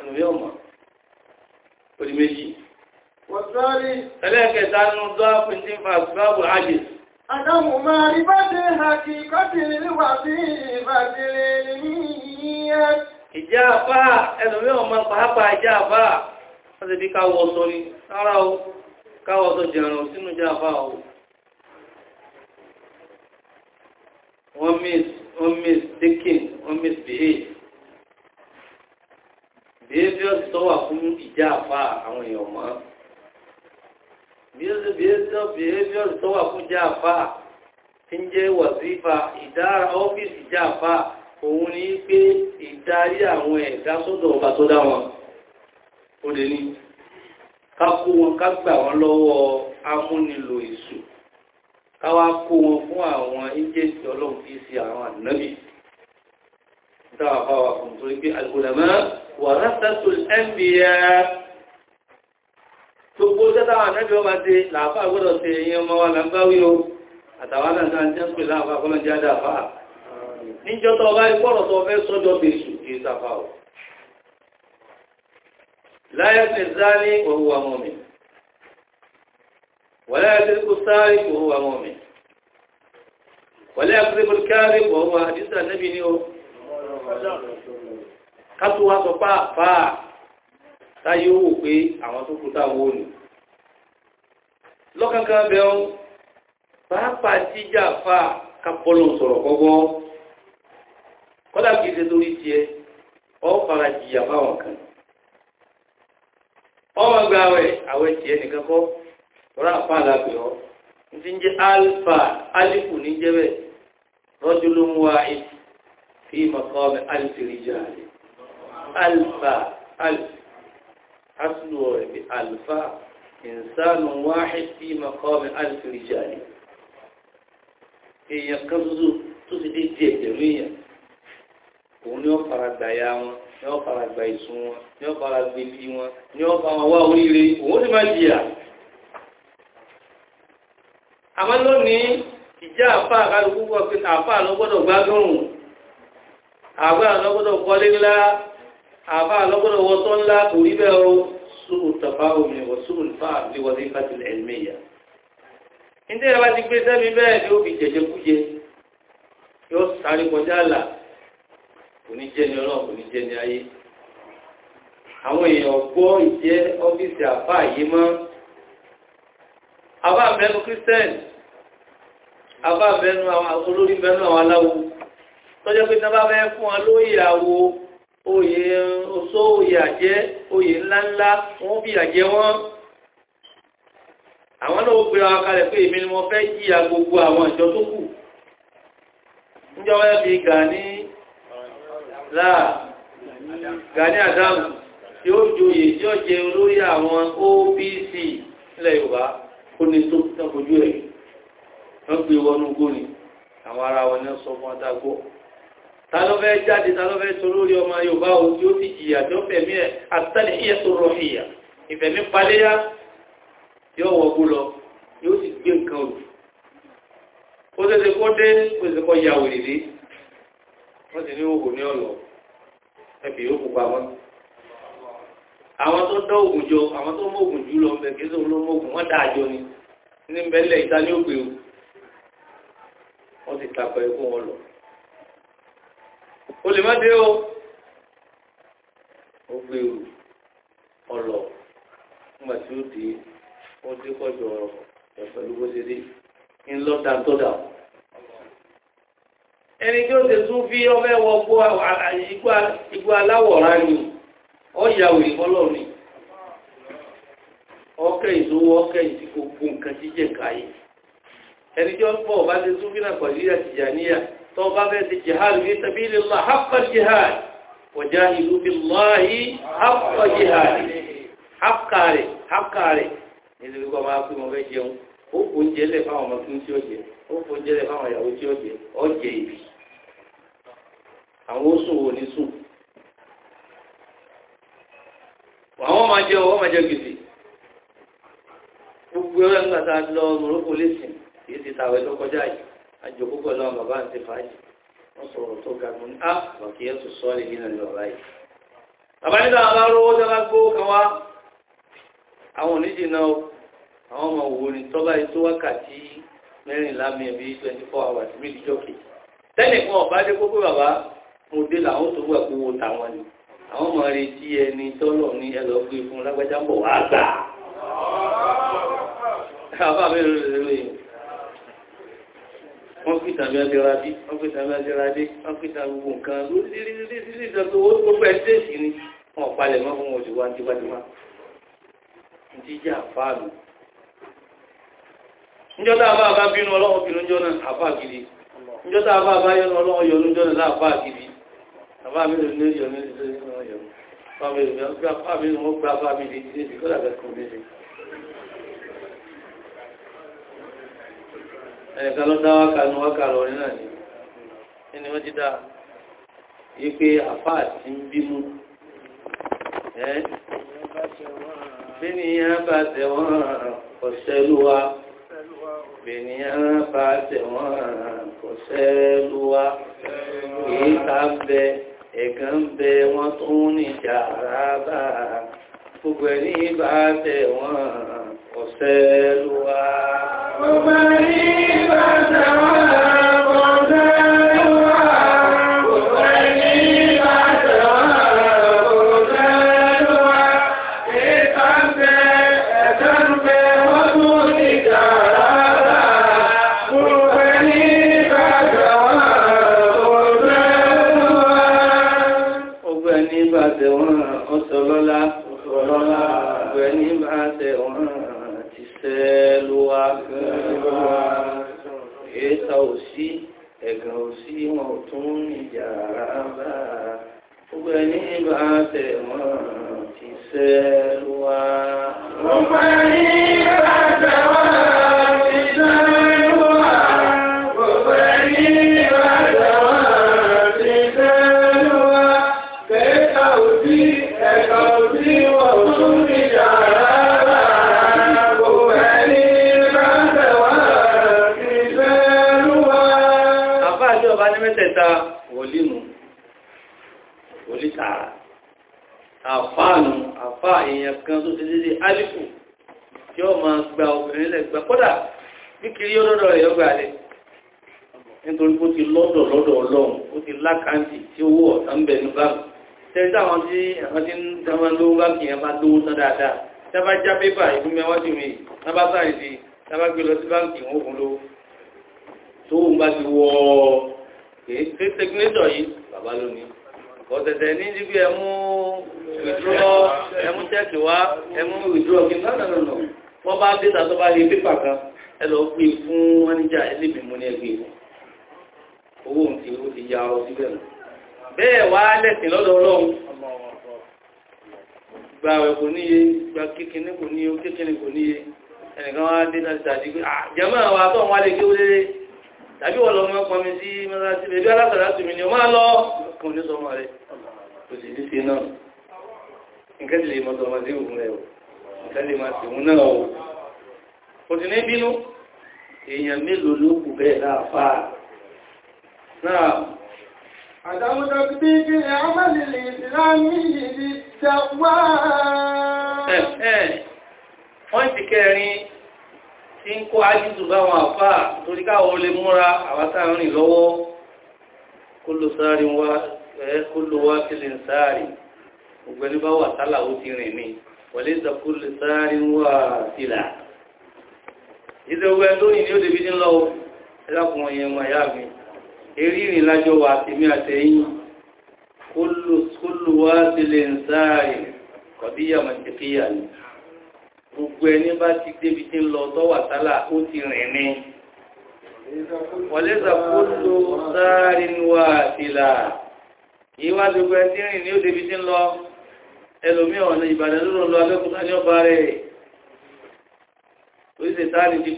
ẹnu yóò meji orí méjì. ke ẹlẹ́kẹ̀ẹ́ta nínú dọ́ọ̀pù ti ń fa gbọ́ọ̀bù ájì. àdáhùn máa rí bá ti wọ́n ti bí káwọ́ sọ ní rárá o káwọ́ sọ jẹ̀rọ sínú jàfà o wọ́n miss wọ́n miss taking wọ́n miss behave behaviors tó wà fún ìjà àfà àwọn èèyàn mọ́ behaviors tó wà fún ìjà àfà tí ń jẹ́ wàzífà ìdára ọ́fíìsì ìjà àfà òun ni pé ìdarí àwọn ẹ̀dá sọ́dọ̀ ọba tó dá wọn ó lè ní ká kó wọn ká gbà wọn lọ́wọ́ amúnilò èṣù ká wá kó wọn fún àwọn éjẹ̀sì ọlọ́run kì í ṣe àwọn ànábì dáwà bá wà fún torí pé al-ulama warathatul anbiya gbogbo sẹ́tàwọn ànábì ọba ṣe làáfà gbọ́dọ̀ ṣe ẹ̀yìn ọmọ wa làǹbáwí o àtàwọn náà sáà ń jẹ́ pé láàfà kọ́lọ́jà dáfà níjọ́ tó ọba ìpọ̀rọ̀ tó fẹ́ لا يزني الزاني وهو مؤمن ولا يسرق السارق وهو مؤمن ولا يكذب الكاذب وهو حديث النبي نيو kátó wá sọ pàápàá táyé ó wò pé àwọn tó kú táwọn ò ní lọ́kankan bẹ̀rún pàápàá jíjà fà kápọ́lọ̀ sọ̀rọ̀ kọ́kọ́ kọ́dà kìí ṣe torí tiẹ̀ ọ́ fara jìyà fáwọn kan ọmọ gba àwẹ̀ àwẹ̀ tiẹ̀ nìkan kọ́ rọ àpáàlà pè ọ́ ní ti ń jẹ́ alfa alifu ní jẹ́ bẹ́ẹ̀ rajulun wahid fi maqam alfi rijal alfa alf aslu ọ̀rẹ́ bí alfa insanu wahid fi maqam alfi rijal èèyàn kan tó ti dé di ẹgbẹ̀rún èèyàn òun ni ó fara gbàyà wọn ní ó fara gba ìsun wọn ní ó fara gba ibi wọn ní ó fara wá oríire òun ti máa jìyà àmọ́ lónìí ìjà àfà àkàlùkù wọ pé àfà ló gbọ́dọ̀ gbádùn àfà ló gbọ́dọ̀ kọ́lé ńlá àfà ló gbọ́dọ̀ wọ́tọ́ ńlá kò rí bẹ́ẹ̀ o sùúrù tàbá omi wọ sùúrù fà léwọlé fàtìlì ẹ̀lmẹ́yà ní tẹ́lẹ̀ bá ti gbé sẹ́mi bẹ́ẹ̀ ni ó fi jẹ̀jẹ̀ kújẹ yóò sáré kọjá àlà kò ní jẹ́ ní ọlọ́run kò ní jẹ́ ní ayé àwọn èèyàn gbọ́ ìjẹ́ ọ́fíìsì àbá yìí mọ́ àbá bẹnu christian àbá bẹnu olórí bẹnu àwọn aláwo tọ́jọ́ pé tí wọ́n bá fẹ́ fún wọn lóyè àwo oyè oṣó oyè àjẹ́ oyè ńláńlá wọ́n fi àjẹ́ wọn àwọn náà ó gbéra wa kalẹ̀ pé èmi ni mo fẹ́ jìyà gbogbo àwọn ìjọ tó kù níjọba ẹ̀ fi gà ní láà Gani Adam tí ó joyè tí ó jẹ olórí àwọn OPC ilẹ̀ Yorùbá kó ní tó tẹ́kojú ẹ̀ wọ́n gbé wọnú góni àwọn ará wọn ní sọ fún adágbó ta ló fẹ́ jáde ta ló fẹ́ sọ lórí ọmọ Yorùbá o tí ó ti jìyà tí ó fẹ̀mí ẹ̀ àtàlẹ̀ iye tó rọ̀ ìyà ìfẹ̀mí paléyà yóò wọgbó lọ yóò sì gbé nǹkan òjò ó tẹ́sẹ̀ kó dé ó sì kọ́ ya òrìlé wọ́n sì ní òhò ní ọ̀lọ́ ẹ̀fì yòókù pa wọn. àwọn tó dá oògùn jọ àwọn tó mú oògùn jù lọ ń bẹ kí sóun ló mú oògùn wọn dá àjọ ni ní bẹ́lẹ̀ ìta ní òpè o wọ́n ti takọ̀ ẹ̀kọ́ wọn lọ. o lè má dé o ó gbé o ọlọ nígbà tí ó dé ó dé kọjọ ọ̀rọ̀ pẹ̀lú bó ṣe dé ń lọ́ta tó dà o. ẹni tí ó ti tún fi ọfẹ́ wọ igbó aláwọ̀rán ni ọ̀yà òye ọkẹ́ ìṣòwò ọkẹ́ ìdí gbogbo nǹkan jíjẹ káyé ẹni tí ó pọ̀ bá ti tún fínà pẹ̀lú Tìjàníyà tó bá fẹ́ ti jihad ọ jihad jihad máa mọ́ fẹ́ jẹun ó oúnjẹ lẹ̀ fáwọn ọmọ fún tí o jẹ ó oúnjẹ lẹ̀ fáwọn ìyàwó tí ó jẹ ó ìbí àwọn oṣù wo ní sùn àwọn máa jẹ ọwọ́ máa jẹ gbèsè gbogbo ẹ̀rọ nígbà tá a lọ Morocco lẹ́sìn èyí ti tàwé tó kọjá yìí àjò púpọ̀ bàbá àti fàájì wọ́n sọ̀rọ̀ tó ga mọ́ ní á bàkì ẹ̀ sọ́ọ̀lì nínú ní bàbá yìí bàbá na àwọn ọmọ òwò ni tọ́ba yìí tó wákàtí mẹ́rìnlá mi ẹ̀bí twenty four hours mi ìdíjọ́ kì tẹ́lẹ̀ kan ọ̀bá dé kókó bàbá mo dé làwọn tó wà gbowó tàwọn ni àwọn ọmọ rẹ tí ẹni tọ́lọ̀ ní ẹ lọ gbé fún lágbájá ń bọ̀ wá gbà. bàbá mi rẹ rẹ rẹ wọ́n fi tàbí adéra dé wọ́n fi tàbí adéra dé wọ́n fi tàbí gbogbo nǹkan lóríṣiríṣiríṣi ìdọ̀tọ̀ owó gbogbo ẹ̀ tẹ̀sí ni wọ́n palẹ̀ mọ́ fún wọn òṣùwà tiwantiwa. jíjà fáàlù níjọ́ tá a bá bá bínú ọlọ́wọ́ bínú jọ náà àbá gidi níjọ́ tá a bá bá yọnu ọlọ́wọ́ yọnu jọ náà láàbá gidi àbá mi lè ní yọnu ní sẹ́yìn náà yọnu bá mi lè gbé apá mi lè gbé apá mi lè ti ń bímú ẹ́ bí ni yẹn bá tẹ̀ wọ́n bènìyàn bá tẹ̀wọ́n kò sẹ́lú wa kìí ta bẹ ẹ̀gán bẹ wọ́n tó ń níjà rábà gbogbo ẹni bá tẹ̀wọ́n kò sẹ́lú wa gbogbo ẹni bá tẹ̀wọ́n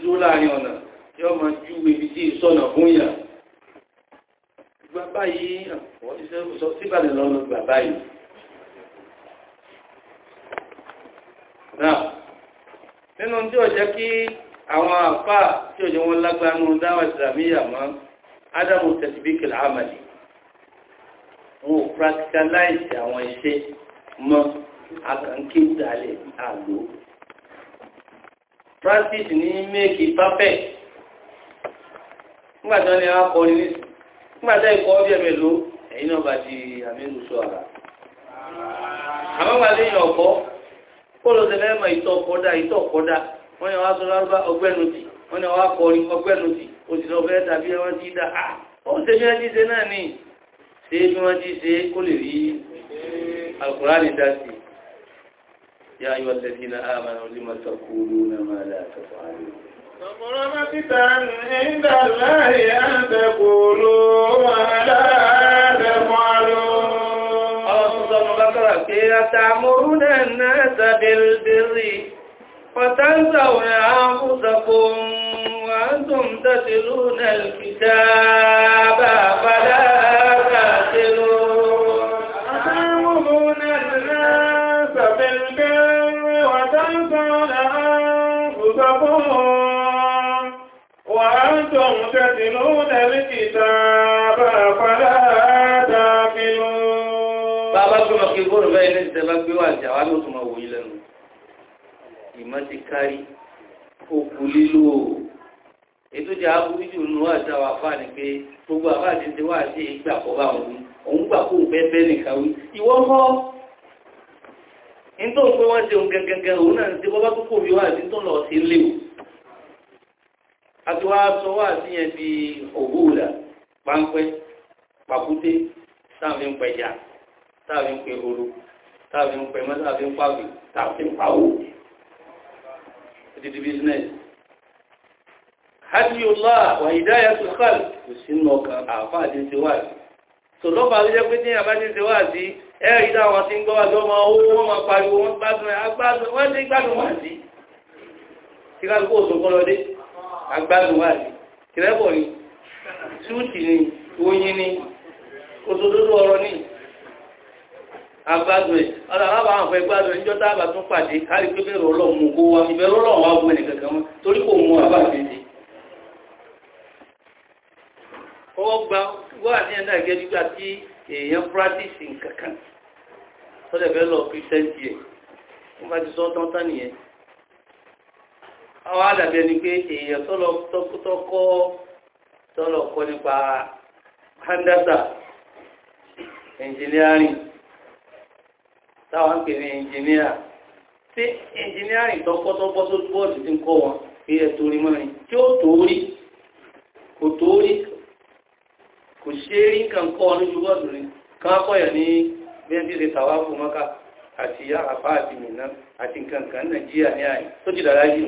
dúró láàrin ọ̀nà yóò máa ju ebi tí ìsọ̀nà fún yà bàbá yìí àwọn ìṣẹ́rù sọ síbàlẹ̀ lọ́nà bàbá yìí náà nínú tí ó jẹ́ kí àwọn àfá tí ó jẹ́ wọn lágbánú dáwà ìsìlàmíyà mọ́ adamu tẹ̀síbíkìlá àmàlì wọn ò practicalize àwọn iṣẹ́ mọ́ akànkéwúdálẹ̀ àgbò practice ni make it perfect nígbà tí wọ́n ní wọ́n kọ́ ní nísìn nígbà tí ẹ̀kọ́ ọ̀bí ẹ̀mẹ̀ ló ẹ̀yin náà bá di àmínú sọ àrà àmọ́ gba lẹ́yìn ọ̀kọ́ kó ló ṣẹlẹ̀ mọ̀ ìtọ̀ kọ́dá ìtọ̀ kọ́dá wọ́n a se ti يا أيها الذين آمنوا لما تقولون ما لا تفعلون كبر مقتا عند الله أن تقولوا ما لا تفعلون أتأمرون الناس بالبر وتنسون أنفسكم وأنتم تتلون الكتاب فلا تتلون الكتاب فلا تعقلون bàbá túnmọ̀ kí gbóòrò bẹ́ẹ̀ ní ìjẹba gbé wà jà wá ló túnmọ̀ wòye lẹ́nu ìmọ̀ ti kárí òkú lílò ètò ìjà aburú jù nù àjà wà fà ní pé gbogbo àbá àti ti wà sí ìgbà kọ́ bá wọn òun pé wọ́n ṣe gẹ́gẹ́gẹ́ òun náà ti bọ́ bá kókó bí wà sí lọ sí léwu àti wá sọ wá sí yẹn bí òbúùlà páńpẹ́ pàkúté táàbí ń pẹja táàbí ń pẹ horo táàbí ń pẹ mọ́ táàbí ń pàwé táàbí ń pàwó títí business. hajj ọlá wà ìdáyà tó kàl kò sí nù ọkàn àáfàá ti ń ṣe wá sí. sọlọ́pàá ló jẹ́ pé tí yàrá ti ń ṣe wá sí ẹ̀rí táwọn ti ń gbọ́ wá sí ọmọ owó wọn máa pariwo wọn gbádùn ẹ̀ agbádùn wọn ti gbádùn wá sí. agbádùn wà ní tìrẹ́bọ̀ ni túùtì ni oyin ni òṣòdodo ọ̀rọ̀ ni agbádùn ẹ̀ ọ̀dà bàbá àwọn fẹ́ gbádùn ẹjọ́ táàbà tún pàdé kárí pé bẹ̀rù ọlọ́run wa ọlọ́run gbọ́n torí kò mú àbá ọwọ́ gba wọ́n àti ẹ̀dá tí èèyàn fẹ́ lọ kírísẹ́ntì ẹ̀ wọ́n ti tán àwọn àdàbí ẹni pé èèyàn tọ́lọ tọ́kọ́ tọ́lọ kọ́ nípa handasa engineering táwọn ń pè ní engineer tí engineering tọ́kọ́ tọ́kọ́ tó bọ́ọ̀dù ti ń kọ́ wọn pé ẹ torí mọ́rin tí ó torí kò torí kò ṣe rí nǹkan kọ́ ọ lójú bọ́ọ̀dù rí kan kọ́yọ̀ ní bẹ́ẹ̀bí ṣe tàwá fún mọ́ká àti àpá àti mìíràn àti nǹkan kan nàìjíríà ní àyè tó jìdàrá yìí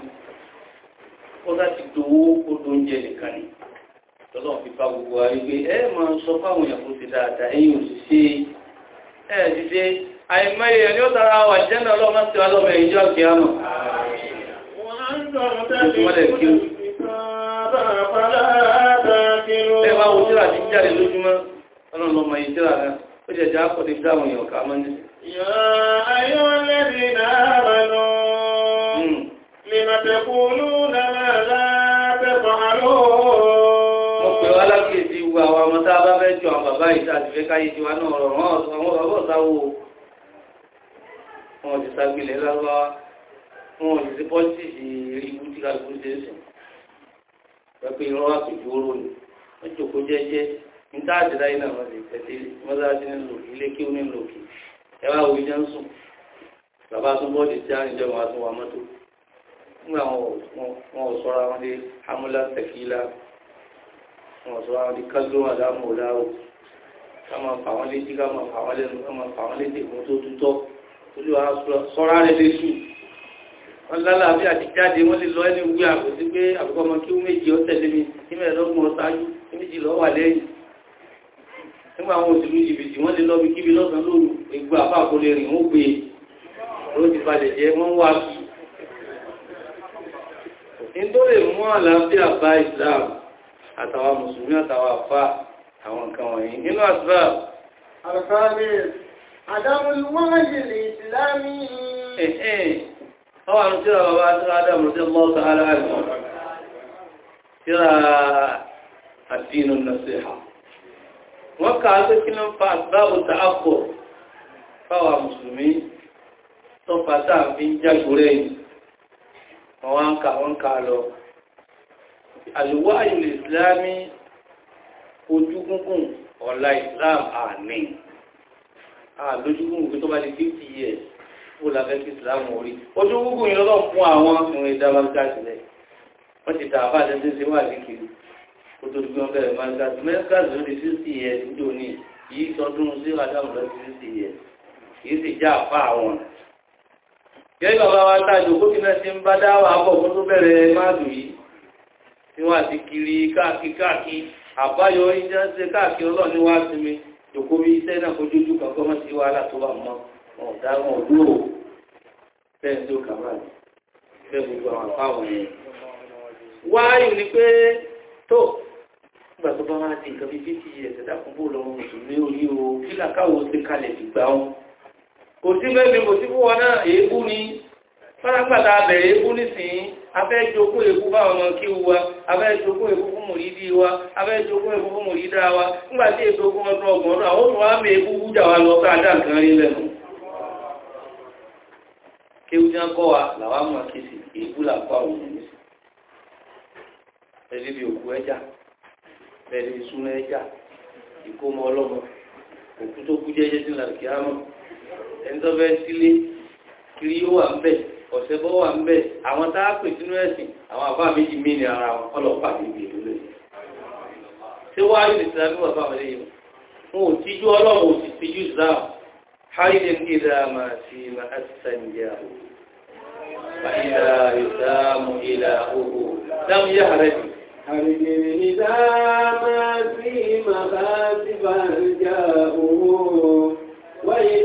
ó láti dòwó odò oúnjẹ nìkan ni lọ́lọ́ fi fa gbogbo ayé pé ẹ máa sọ fáwọn èèyàn fún ti dáadáa ẹ̀yìn òṣìṣẹ́ ẹ̀ ṣiṣẹ́ àìmọye ẹni ó tara wà jẹ́nà ọlọ́mọ sí ọlọ́mọ ẹ̀yìn jọ́ kí á mọ̀. ẹ bá wo síra ti jáde lójúmọ́ ọlọ́run ọmọ yìí síra náà ó jẹ̀jẹ̀ á kọ́ تقولون ما لا تفعلون ọ̀pẹ̀ alákèsí wu àwọn ọmọ tá a bá fẹ́ ju wa náà rọrùn àwọn ọ̀rọ̀ sáwó wọn ti sagbélé lọ́wọ́ wọn ni wọ́n jòkó jẹ́jẹ́ níta àtìlá yìí náà wọ́n ti tẹ̀sí mọ́sáàtì ní lòkì ilé kí ó ní lòkì ẹ bọ́ọ̀dì tí a ń jẹun àtúwà mọ́tò nígbà wọn ò sọ́ra wọn dé hamula tẹ̀kílá wọn ò sọ́ra wọn dé kájọ àdámọ̀ ọ̀dáwò ká máa fà wọ́n létí ká máa fà wọ́n lẹ́nu ká máa fà wọ́n létí ìfún tó tútọ́ olú wa sọ́ra rẹ̀ léṣù wọ́n lálẹ́ àbí àtijáde wọ́n lè lọ ẹni wí àkọsí pé àbúkọ ọmọ kí ó àwọn òṣèlú jìbìtì wọ́n lè lọ kíbi lọ́sàn-án ìgbà àbá àkọlẹ̀ rìn e. ó gbé ló ti balẹ̀ jẹ́ wọ́n wá ní tó lè mú àlàáfíà bá islam àtàwọn mùsùlùmí àtàwọn àfà àwọn nǹkan wọ̀nyí nínú àtúrà alfààní àdámúlùmọ́ọ̀lì ìsìlámì ọwọ́ àrùn tíra bàbá tíra adamu tí mọ́ sàárà àìmọ́ tíra àdínú nasiha wọ́n kà á pé kí ló ń fa wọ́n wá ń ka wọ́n ká lọ àlùwá ìlú ìsìlámì ojú gúngùn ọ̀la ìsìlám àní àlójúgúngùn tó bá di fifty years ó la fẹ́ kí ìsìlám orí ojú gúngùn yìí lọ́dọ̀ fún àwọn ìrìn ìdámáríkà sílẹ̀ wọ́n ti tàbá àtẹ́sẹ́ ṣe wà ní kiri ó tó dúpẹ́ wọn bẹ̀rẹ̀ máríkà sí mẹ́ríkà sí ó di fifty years ní òní yìí sọdún sí àdáhùn lọ sí já àpá àwọn gẹ́gẹ́ bàbá wa tájò kó kìí náà ti ń bá dáwà bọ̀ fún tó bẹ̀rẹ̀ máàlù yìí tí wọ́n ti kiri káàkiri káàkiri àbáyọ iṣẹ́ ń ṣe káàkiri ọlọ́ọ̀ni wá sí mi jòkó bí iṣẹ́ náà kojú ojú kan kọ́mọ́ sí wàhálà tó wà mọ́ ọ̀daràn ọ̀dúró bẹ́ẹ̀ tó kàmáàlì bẹ́ẹ̀ gbogbo àwọn àpáwọn yẹn. wáyù ni pé tó nígbà bá wá di nǹkan bíi fífi ti kalẹ̀ dìgbà kò sí bẹ́ẹ̀ mi kò sí fún wọn náà èébú ni fárágbàtà abẹ̀rẹ̀ èébú nísìnyí afẹ́ èébú bá ọmọ kí wa afẹ́ èébú fún mòrídì wa afẹ́ èébú fún mòrídà wa nígbà tí èso ọdún ọgbọ̀n ọdún àwọn òṣùwọ̀n àmì èébú wújà wa lọ káàdá nǹkan rí lẹ́nu. sí. ẹni tó fẹ́ sílé kiri yóò wà ń bẹ̀ ọ̀sẹ̀ bọ́ wà ń bẹ̀ àwọn tá a pè sínú ẹ̀sìn àwọn àbá méjì mí ni ara wọn ọlọ́pàá ti bì lóye ṣé wàá yóò ti sábẹ́ wàá bá wọlé yìí wọn ò tíjú ọlọ́run ò sì tíjú ìsáà حين إذا ما سيم السنجاه فإذا يسام إلهه لم يهرج حين إذا ما سيم غاسب الجاه إذا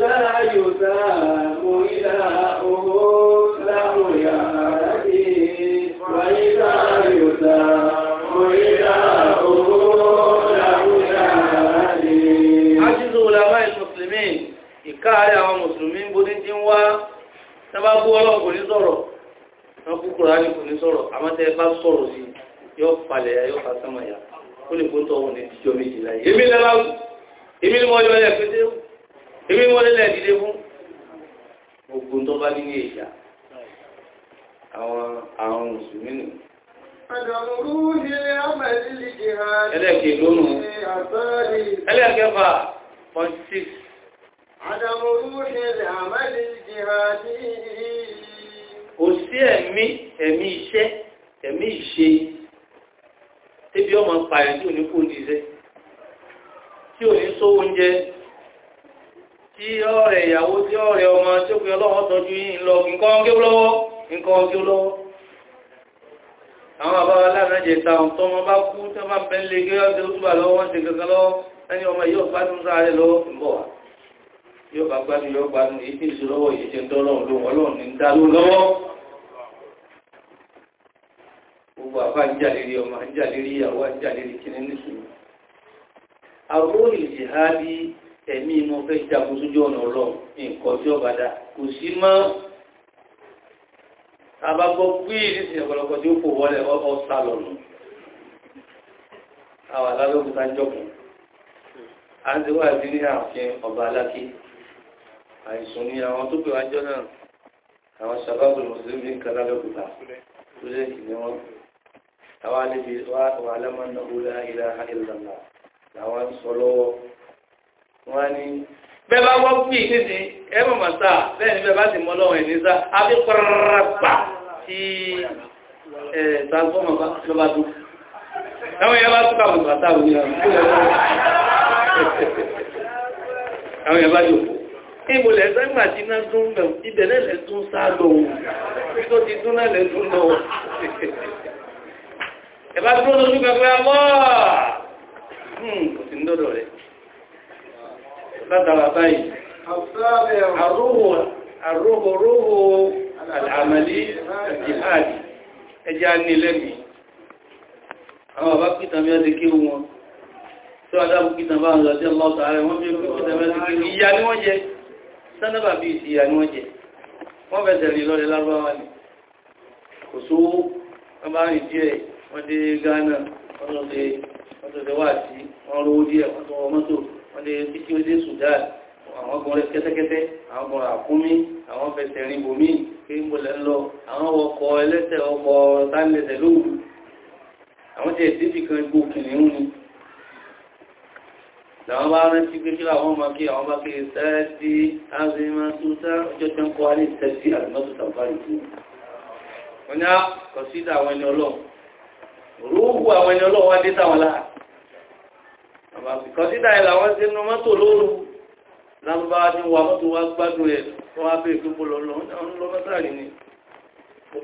يذاب إلهه له يهدي وإذا يذاب إلهه له يهدي عجز علماء المسلمين ìkáàrẹ àwọn mùsùlùmí ń bó ní tí ń wá tẹ́bá bú ọlọ́run kò ní sọ̀rọ̀ wọ́n kú Kùránì kò ní sọ̀rọ̀ àmọ́ tẹ́ bá sí yóò falẹ̀ yóò fa yá ó lè kó tọ́wọ́ ní ìjọ méjìlá yìí èmi lẹ́la èmi ni wọ́n yọ ẹ̀ pété èmi wọ́n lélẹ̀ dìde fún gbogbo tó bá nílé ìyá àwọn àwọn mùsùlùmí nù. àdàmúrú ní amẹ́lí lè jẹ́ àdàmúrú ẹlẹ́kẹ̀ lónù ẹlẹ́kẹ̀ fà point six. àdàmúrú ní amẹ́lí lè jẹ́ àdàmúrú kò sí ẹ̀mí ẹ̀mí iṣẹ́ ẹ̀mí ìṣe tẹ́bí ọmọ pààyàn tí ò ní kó oúnjẹ tí ò ní sówó oúnjẹ tí ọ̀rẹ́ ìyàwó tí ọ̀rẹ́ ọmọ tí ó lọ nǹkan kí ó lọ́wọ́ nǹkan kí ó lọ́wọ́ àwọn àbáwá lánàá jẹ táwọn tó wọn bá kú tí wọn bá lọ́wọ́ kankan lọ́wọ́ ẹni ọmọ yóò lọ́wọ́ ń bọ̀ wá yóò bá gbádùn yóò gbádùn èyí tí ṣe lọ́wọ́ ń ń ẹ̀mí mo fẹ́ jagun sójú ọ̀nà ọlọ́run nǹkan tí ọba dá kò sí mọ́ abagbọ́ gbíì nísìnyí ọ̀pọ̀lọpọ̀ tí ó fò wọlé ọ̀sà lọ́nà àwọn alábẹ́òkúta jọ̀kùn à ń tẹ́wọ́ àti ní ààfin ọba aláké àìsùn ni àwọn tó pè wájọ́ náà àwọn sábàbù mùsùlùmí kan lábẹ́òkúta tó lè kì ní wọn àwọn alẹ́bí wà alámọ́nà ọ̀la ìlà ìlànà làwọn sọ lọ́wọ́ wọ́n ní bẹ́ẹ̀ bá wọ́n fún yìí nídìí ẹ mọ̀ mọ̀ sáà bẹ́ẹ̀ ni bẹ́ẹ̀ bá ti mọ́ lọ́wọ́ ẹ̀ ní sáà àbí pàrọ̀rọ̀pà tí ẹ̀ transformer ló bá dùn. táwọn yẹn bá tún kàwọn ìgbà táwọn ní àwọn yẹn bá yòó. ibo lẹ sẹ́gbà tí iná o bí tó ti dún náà látara báyìí àróhòróhò àmàlí ìhàdì ẹjá ní lẹ́mì àwọn bàbá pìtàn bí wọ́n ti kí wọn tó adábù pìtàn bá ń lọ sí ọlọ́ta rẹ̀ wọ́n bí ìyà ni wọ́n jẹ sánábà bí ìsìyà ni wọ́n jẹ wọ́n fẹ́sẹ̀ rí lọ́rẹ̀ lárúbáwá ni kò sówó wọ́n bá rìn díẹ̀ wọ́n dé Ghana wọ́n lọ́dẹ̀ wà sí wọ́n rówó díẹ̀ wọ́n tọwọ́ mọ́tò wọ́n lè títí ó dé Sudan àwọn ọgbọ̀n rẹ̀ kẹ́tẹ́kẹ́tẹ́ àwọn ọgbọ̀n àkúmí àwọn fẹsẹ̀ rìn bòmí pé ń bọ̀lẹ̀ ń lọ àwọn ọkọ̀ ẹlẹ́sẹ̀ ọkọ̀ sánilẹ̀sẹ̀ lóòrùn àwọn tẹ̀ síbi kan gbó kìnìún ni làwọn bá rántí pé kí àwọn ọmọ kí àwọn bá kí sẹ́ẹ̀tì azimatuta ọjọ́ tẹ́ ń kọ́ alẹ́ sẹ́ẹ̀tì azimatuta báyìí fún wọn ni a kọ̀ sí àwọn ẹni ọlọ́run kọ̀sídà ẹ̀ làwọn ṣe nu mọ́tò lóru lárúbáwá ti ń wa mọ́tò wá gbádùn ẹ̀ wọ́n wá bẹ́ẹ̀ tó bọ́ lọ ni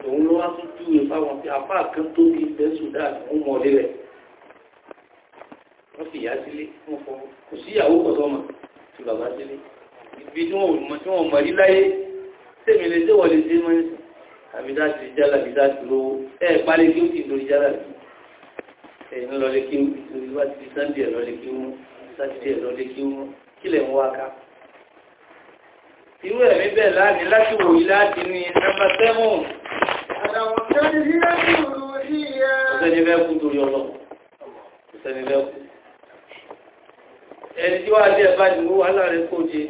òun ló wá tún júwe fáwọn fi apá kan tó di ilẹ̀ Sudan ń mọ̀lé rẹ̀ wọ́n fi ìyá sílé wọ́n fọ́ kò sí ìyàwó kọ̀tọ́ mọ̀ sí bàbá sílé ibi tí wọ́n mọ̀ tí wọ́n mọ̀ rí láyé tèmi lè tẹ́wọ̀ lè ṣe mọ́ àbídá ti jálàbídá lówó ẹ̀ kí ó ti lórí jálàbídá ẹ̀yìn lọ́lẹ́ kí wọ́n wá ti sànńdì ẹ̀ lọ́lẹ́ kí wọ́n sátidé ẹ̀ lọ́lẹ́ kí wọ́n kílẹ̀ ń wá ká. irú ẹ̀mí bẹ́ẹ̀ láàrin láti wò yí láti ní nọ́mbà sẹ́wọ̀n. àdàwọ̀ tó ti sí láti wò ó sí ìyá. ọ̀sẹ̀ni fẹ́ kú torí ọlọ́ ọ̀sẹ̀ni fẹ́ kú. ẹni tí wàá dé ẹ̀bá ìdìbò wàhálà rẹ̀ kó jẹ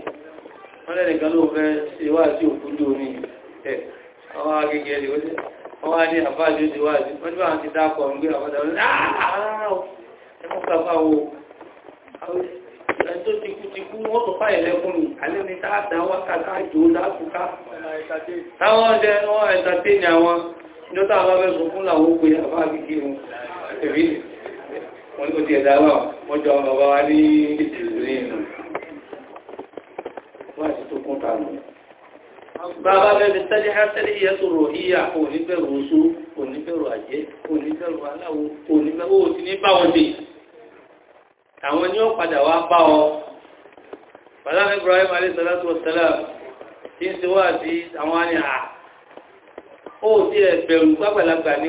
wọ́n lẹ́nìkan ló fẹ́ ṣe wá sí òkú dómi ẹ̀ àwọn agẹgẹ rẹ̀ ó wọ́n wá ní àbájọ́ ti wá sí wọ́n tí wọ́n ti dákọ̀ ń gbé àbájọ́ tó ti kú ti kú wọ́n tó fáyẹ̀ lẹ́kùn mi alẹ́ ni táàdá wákàtà jò láàkùká táwọn ọdẹ wọ́n ẹ̀tàtẹ́ ni àwọn ìjọta àbábẹ́sùn fún làwọn òkú yà bá gígé wọn èrí wọn ni ó ti ẹ̀dá wà wọ́n jọ bàbá wa ní bàbá bẹ́ẹ̀ bí sẹ́lẹ̀ hásẹ́lẹ̀ yẹ tó rò híyà kò ní bẹ̀rù oṣù kò ní bẹ̀rù àjẹ́ kò ní bẹ̀rù aláwo kò ní bẹ̀rù ó ti ní bá wọn dè àwọn ni ó padà wá bá ọ bàbá Ibrahim alayhi salatu wa salam tí ń ṣe wá sí àwọn àni à ó ti ẹ̀ bẹ̀rù pápálagbà ní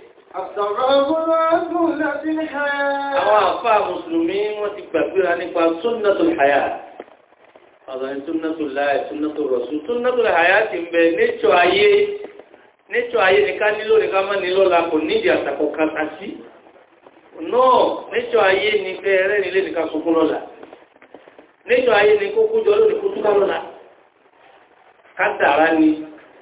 Àwọn àfáà Mùsùlùmí wọ́n ti gbàgbéra nípa Sunnatul Hayat. Ọ̀dọ̀ni Sunnatul Láì, Sunnatul Rasul, Sunnatul Hayat ti ń bẹ níṣọ́ ayé, níṣọ́ ayé ní ká nílò ní ká má nílò la kò nídi àtàkọ̀ kàtà sí. Náà níṣọ́ ayé ní fẹ́ rẹ́ nílé ní ká sunkún lọ́la. Níṣọ́ ayé ní kó kújọ lónìí kó túká lọ́la. Kádàrá ni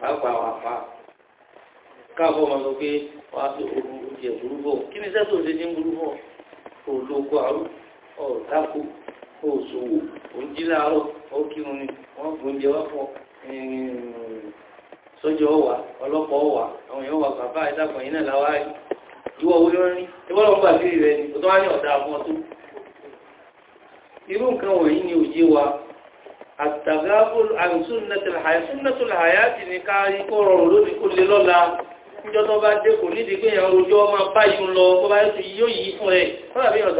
pàápàá wà fà káàbọ̀ wọn lọ pé wà á fi oògùn oúnjẹ burúkọ kí ni sẹ́tò ṣe ní burúkọ olóko àrùn ọ̀dáko òṣòwò òǹjí láàárọ̀ ọ̀kírun ni wọ́n gbóúnjẹ wá fọ sójú ọwà ọlọ́pàá ọwà àwọn èèyàn wà ìdàpọ̀ yìí náà láwá rí ìwọ owó ló rí ìwọ lọ́wọ́ ni kò tó wá ní ọ̀dà irú nǹkan wọ̀nyí ni wa àtàgábòlù àìsúnnẹ́tẹ̀lẹ̀ àìsúnnẹ́tẹ̀lẹ̀ àyàtì ní káàrí kó rọrùn lónìí kó lè lọ́la níjọ́ tó bá dé kò nídìí pé ìyàwó ojú ọmọ báyìí ń lọ tó bá yóò yóò yìí fún ẹ kọ́lá bí yìí bí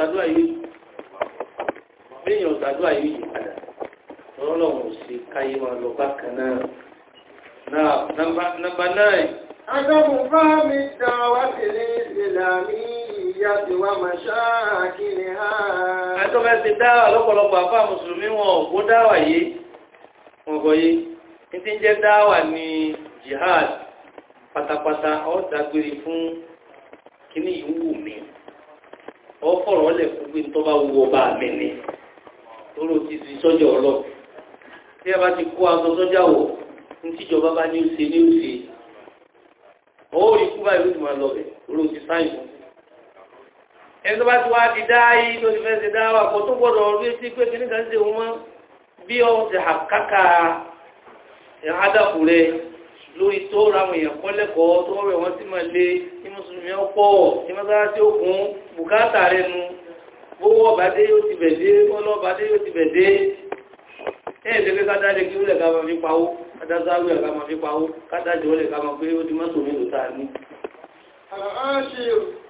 ọ̀sàdúrà yìí yìí padà ọlọ́run ò sí káyé wọn lọ bákan náà náà عدم فهم الدعوة للإسلامية ومشاكلها Ẹjọ́ fẹ́ ti dáwà lọ́pọ̀lọpọ̀ àfáà Mùsùlùmí wọn ò kó dáwà yìí, ọ̀gọ̀ yìí, ní ti ń jẹ́ dáwà ní jihad pátápátá ọ dágbére fún kíní ìwú mi, ọ fọ̀rọ̀ ọlẹ̀ fún tó bá wu ọba mi ni, lóró ti di sọ́jà ọlọ́. Tí ẹ bá ti kó aṣọ sọ́jà wọ̀, ní tíjọba bá ní ó ṣe ní ó ó rí kú báyìí lójú máa lọ rẹ̀ oró ti sáyìn fún ẹni tó bá ti wá di ti fẹ́ ṣe tó gbọ́dọ̀ rí pé kí nígbà bí ọ ti hà kákà àdàkù rẹ lórí tó ráwọn èèyàn kọ́ lẹ́kọ̀ọ́ tó rẹ̀ wọ́n sì máa lé ní mùsùlùmí ọ̀pọ̀ ní mọ́sálásí òkun bùkátà rẹ nu owó yóò ti bẹ̀ dé yóò ti bẹ̀ dé kádásáwì ẹ̀ká máa fi pawó kádájọ́ lè ká máa pé ó di mọ́tò mélòó tá a ní.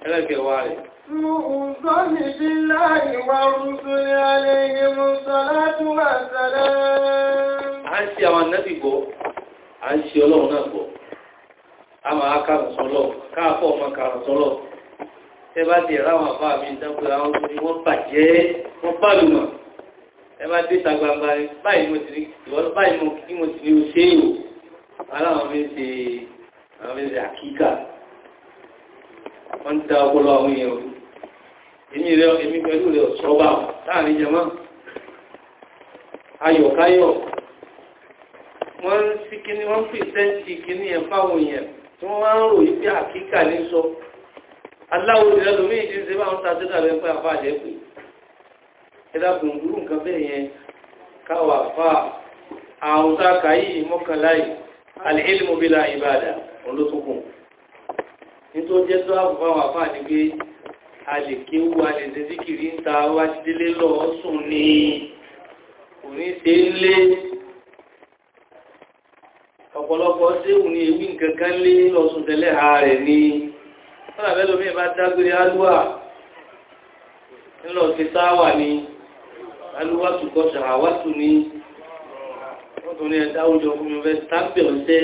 ẹlẹ́kẹ̀wá rẹ̀. مؤمن بالله ورسل عليهم الصلاة والسلام a ń ṣe àwọn ànábì gbọ́ a ń ṣe ọlọ́run náà gbọ́ a máa kàrùn sọ́lọ̀ káàkọ́ ọmọ kàrùn sọ́lọ̀ tẹ́ bá ti ẹ bá dé ta gbangba ni báyìí mo ti ní ìwọ báyìí mo kí mo ti ní o ṣe o aláwọn mi ṣe àwọn mi ṣe àkíkà wọ́n ti da ọpọlọ àwọn èèyàn èmi rẹ èmi pẹ̀lú rẹ ọ̀ṣọ́gbà láàrin jẹmọ́ ayọ̀káyọ̀ wọ́n ń sí kíní wọ́n fi sẹ́ǹtì kíní ẹ̀ fáwọn èèyàn tí wọ́n wá ń rò yí pé àkíkà ní sọ aláwo ìrẹ́lómi ìdí ṣe báwọn ta sídà rẹ pé àbájẹ́ pé ẹ̀dá gbòǹgbòrò nǹkan bẹ́ẹ̀ yẹn káwà fà àwọn tá a kà yìí mọ́kànlá yìí alìhílmù bílà ìbàdà olótókùn nítorí jẹ́ tó àbùkù àwọn àfà ní pé a lè kéwú a lè ṣe síkìrí ń ta wá délé lọ sùn ní kò ní ṣe ń lé ọ̀pọ̀lọpọ̀ séwù ní ewì nǹkan kan lé lọ́sùn tẹ́lẹ̀ ha rẹ̀ ní fọ́nà bẹ́ẹ̀ lómi dágbére alúwà ńlọ ti sáwà ni alúwàtú kọ́ ṣàwàtú ní wọ́n tó ní ẹ̀dá òjò fún mi fẹ́ tábẹ̀ ọ̀sẹ́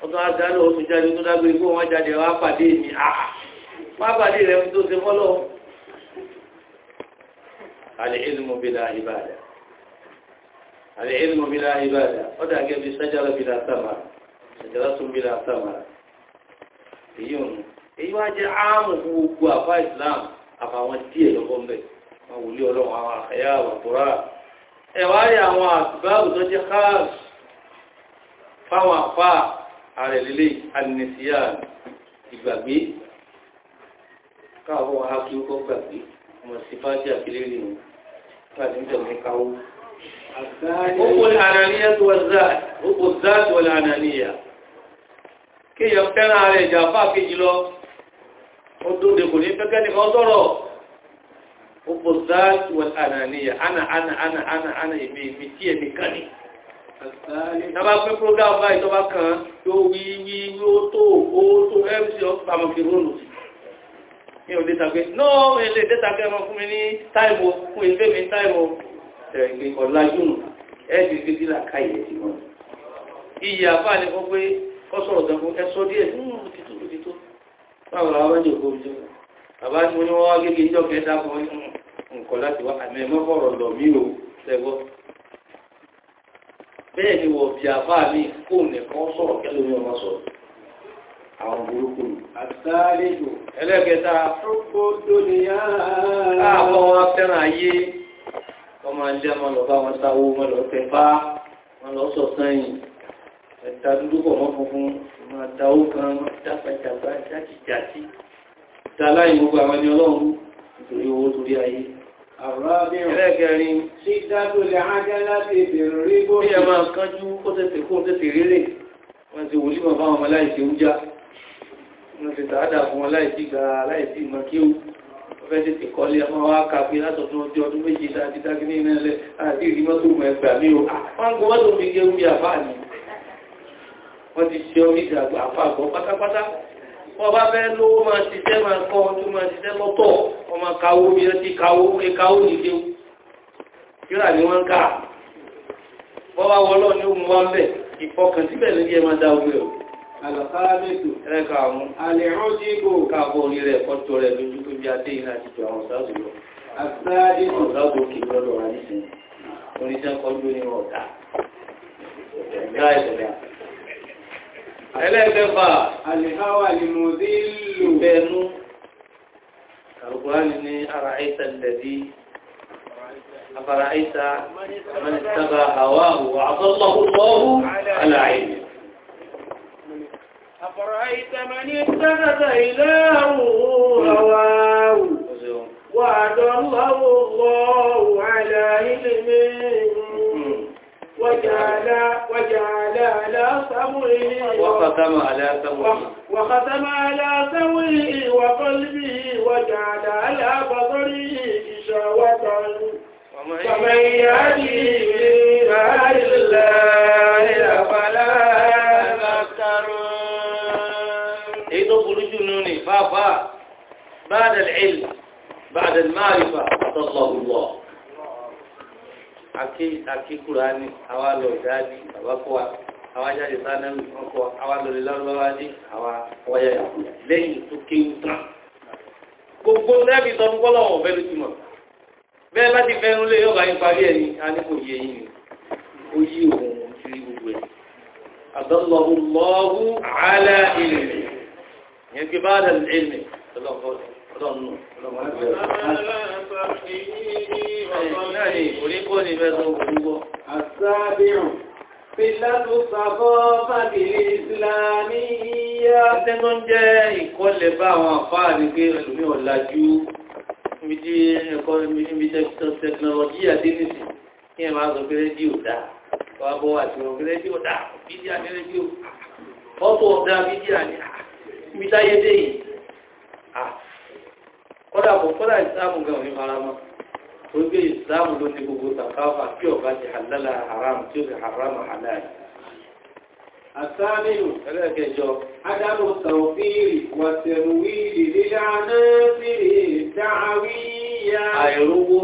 wọ́n tó á dálé oṣù jáde tó dágbé kó wọ́n jáde wá pàdé mi àà wá pàdé rẹ̀ tó ṣe fọ́lọ́ al-ilmu bila ibada al-ilmu bila ibada ó dàgẹ́ bí sájára bila sáma sájára tún bila sáma èyí wọn èyí wá jẹ́ áàmù gbogbo àfá ìsìláàmù àfàwọn díẹ̀ lọ́kọ́ mẹ́rin àwọn wòlé ọlọ́run àwọn àkàyà àwòkúrá ẹ̀wá rí àwọn àtìbáàbù tó jẹ́ káàs fáwọn àfá ààrẹ lílé alìnìsíyà ìgbàgbé káàbọ̀ wá kí ó kọ́ gbàgbé ọmọ sí fájì àkílé rí wọn láti ń tẹ̀lé káwó gbogbo ànàníyà tó wọ́n záàtì wọlé ànàníyà kéèyàn fẹ́ràn ààrẹ ìjà fáà kejì lọ ó dóde kò ní fẹ́kẹ́ nìkan sọ̀rọ̀ hubu zaati wal ananiya ana ana ana ana ana èmi èmi tí èmi kan ni. Nàbà pé program báyìí tó bá kan yóò wí wí wí ó tó ó tó MC ọ̀pá mọ̀kìrónù. Mi ò déta pé náà mi lè déta pé ọmọ fún mi ní táìmù fún ìgbé mi táìmù. Ẹ̀gbẹ́ ọ̀làjú nù ẹ̀ẹ́dì gbèsè làkàyè ti mọ̀. Iyì àbá ni wọ́n pé kọ́sọ̀rọ̀ gan ẹ̀sọ́ díẹ̀ nínú títútù títú. Báwo la wá jẹ́ òkú ojú? bàbá tí mo ní wọ́n wá gẹ́gẹ́ ìjọ kẹta kan mm, mm, nǹkan láti wá àmì ẹ̀mọ́ fọ̀rọ̀ lọ mí o sẹ́gbọ́ bẹ́ẹ̀ ni wọ́n bí àbá mi kó nìkan sọ̀rọ̀ kẹ́lẹ́ mi ọmọ sọ̀rọ̀ àwọn burúkú ni. àtàlejò ẹlẹ́kẹta fúnpọ̀ tó ní àbọ̀ wọn fẹ́ràn ayé wọ́n máa ń jẹ́ wọn lọ bá wọn sáwó wọn lọ tẹ bá wọn lọ sọ sẹ́yìn ẹ̀ta dúdú pọ̀ mọ́ funfun máa dáwó kan dápẹ́jàpá dáláyì gbogbo àwọn ẹni ọlọ́run nítorí owó torí ayé ẹlẹ́kẹrin sí dájú lè ájá láti ìbẹ̀rù rí bó bí ẹ máa kánjú ó tẹ̀sẹ̀ kó tẹ̀sẹ̀ rélẹ̀ wọ́n ti wòlí mọ̀ fáwọn aláìsí oúnjẹ wọ́n ti tàádà fún aláìsí gba aláìsí mọ̀kíwù ọ̀fẹ́ ti tẹ̀kọ́lé ọmọ wa kàfí látọ̀tún ọjọ́ ọdún méjì láti dájú ní ilẹ̀ àti ìrímọ́tò mọ̀ ẹgbà mí o ah, wọ́n gbọ́ mọ́tò mi gé oúnjẹ àfáà ni wọ́n ti ṣe orí ìdàgbà àfáà gbọ́ pátápátá wọ́n bá fẹ́ lówó máa ṣiṣẹ́ máa kọ́ tó máa ṣiṣẹ́ lọ́tọ̀ wọ́n kawó bí wọ́n ti kawó ẹ kawó nìṣe kíra ni wọ́n ń kà wọ́n wá wọ́n lọ́ọ̀ ní òun wá ń bẹ̀ ìfọkànsíbẹ̀ lórí ẹ máa dá owó rẹ̀ o. ẹ kà mú. àlẹ́ rọ́jìbò. káàbọ̀ orí rẹ̀ kọ́tọ̀ rẹ̀ lójú tó bí adé iná àtijọ́ àwọn ọ̀sáàbò lọ. ẹlẹ́gbẹ̀fà alìháwà lìmọ̀dílù bẹ̀ẹ̀nú alùkùránì ní ara àìsà lẹ́dí afara àìsà mẹ́nìtàbà àwáhù àtọ́lọ́kùnlọ́hù aláàìní afara àìsà mẹ́nìtàbà ìlàhù àwáhù wà àdọ́lọ́hù aláàìní وجعل وجعل على سمعه وختم على سمعه وختم على وقلبه وجعل على بصره إشاوة ومن يهدي من بعد الله أفلا تذكرون إذا خرجوا بعد العلم بعد المعرفة صلى الله akíkúra ní àwa lọ ìdáàdì bàbá kọ́ wa àwa jáde sánẹ́lù wọn kọ́ àwa lọlẹ̀ lọ́wọ́ dé àwa wọ́yà yàkú lẹ́yìn tó kéwù tán. gbogbo rẹ́bì sọ fún kọ́lọ̀ ti mọ̀ bẹ́ẹ̀ bá ti lé yọ̀bá yín parí ẹ̀ ní aníkò yé yín ni ó yí òun ju gbogbo ẹ̀. àdọ́lọ́hùn lọ́hùn àálẹ́ ìlẹ̀ yẹn fi bá dàlẹ́ ìlẹ̀ lọ́kọ̀ọ́ lọ́nù. náà ni orí kó ní bẹ́ẹ̀ tó gbogbo. pílátù sàbọ́ fàbílì ìsìlámì yíyá. jẹ́ ìkọlẹ̀ bá àwọn àfáà ní pé ẹlòmí ọ̀làjú níbi tí ẹ̀kọ́ níbi tẹkinọ́lọ́jì àdé nìsín kí ẹ máa sọ pé rédíò dáa kọ́dà kò kọ́dà ìsìláàmù gan òní fara mọ́ tó gbé ìsìláàmù ló ní gbogbo tàkàfà tí ọba ti halala haram tí ó fi haram halal. àtàlẹ́yìn ẹlẹ́kẹjọ adáàlú tàwọ́fíìrì wàtẹ̀rùwíìrì lílá náà sí ìdáwíyà. àìrówó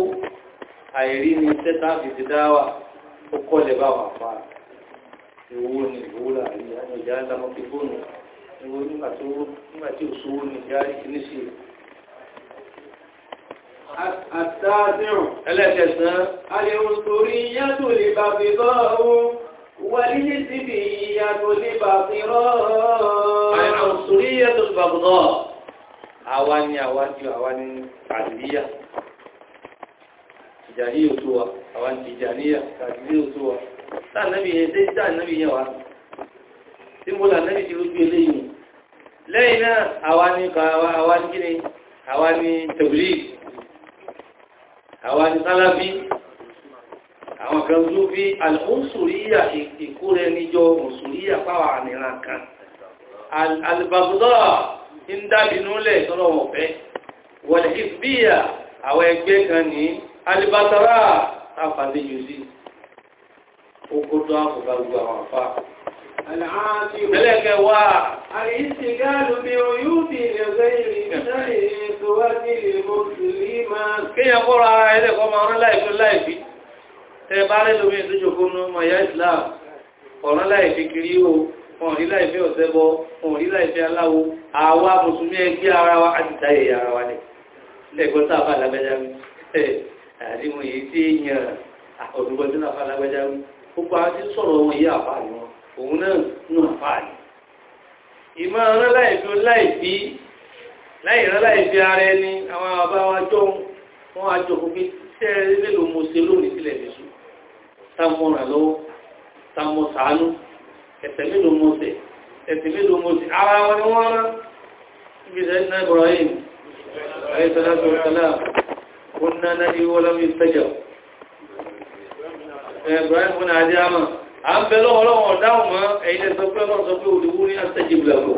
àìrí ni tẹ́tà fi ti dáwà ó kọ́lẹ̀ bá wà fà ìwó ni ìwúlà àríyá ní ìjà ńlá mọ́ fi fóònù ìwó nígbà tí ó sówó ní ìjà ìkíníṣe àtàdìrùn ẹlẹ́kẹsàn alẹ́rùsórí yàtò lè bá fi bọ́ọ̀ wàlíyé síbi yàtò lè bá fi rọ́ alẹ́rùsórí yàtò lè bá fi rọ́ àwa ni àwa ju àwa ni kàdìríyà ìjàrí òtó wa àwa ni ìjàníyà kàdìrí òtó wa táànàbì yẹn dé táànàbì yẹn ni tẹ̀wìlì àwọn ni sálábí àwọn kan súfí alùsùríyà ìkúrẹ níjọ mùsùríyà pàwà nìra kan albagdọ́ ń dábìnúlẹ̀ tọ́lọ̀ wọ̀n fẹ́ wọ̀lẹ̀ ìfìbíyà àwọn ẹgbẹ́ kan ní alìbátara àfàdéjòsí ó kó tó àkùgbà gbogbo àwọn àfáà ẹlẹ́kẹ̀ wá. àríṣì gáàlù bí oyúbì lẹ́gbẹ́ ìrìnṣẹ́ ìrìnṣẹ́wájú ìmọ̀sílì máa. kíyàn kọ́ra ara ẹlẹ́kọ́ máa rán láìfi láìfi tẹ bá rẹ̀ lómi ìdójókó ní ọmọ ìyá Islam ọ̀rán láìfi kiri o ọ̀rí láìfi ọ̀sẹ́bọ ọ̀rí láìfi aláwo àwa mùsùlùmí ẹgbẹ́ ara wa àti táyé ara wa ni ẹgbọ́n tá a bá lágbájá mi àdìmọ̀ èyí tí èèyàn ọ̀dùnkọ́ tí náà bá lágbájá òun náà nù àfáàní ìmọ̀ ọ̀rọ̀ láìfi láìfi láìrán láìfi ara ẹni àwọn bàbá wa jọ wọn àjọ kò fi tẹ́ ilé ló mo ṣe lónìí sílẹ̀ nìṣú táwọn ràn lọ́wọ́ táwọn sàánú ẹ̀sẹ̀ mélòó mo ṣe ẹ̀sẹ̀ mélòó mo ṣe ara wọn ni wọ́n rán ibi sẹ́yìn náà Ibrahim ayé sọ́dá sọ́dá sọ́dá kó nánà ìwọ́lọ́mí sẹ́jọ̀ Ibrahim fún àdé àmọ́ à ń bẹ lọ́wọ́ lọ́wọ́ ọ̀dáhùn mọ́ ẹ̀yin lè sọ pé ọlọ́run sọ pé olùwú ní àtẹ̀jìbìlà lọ.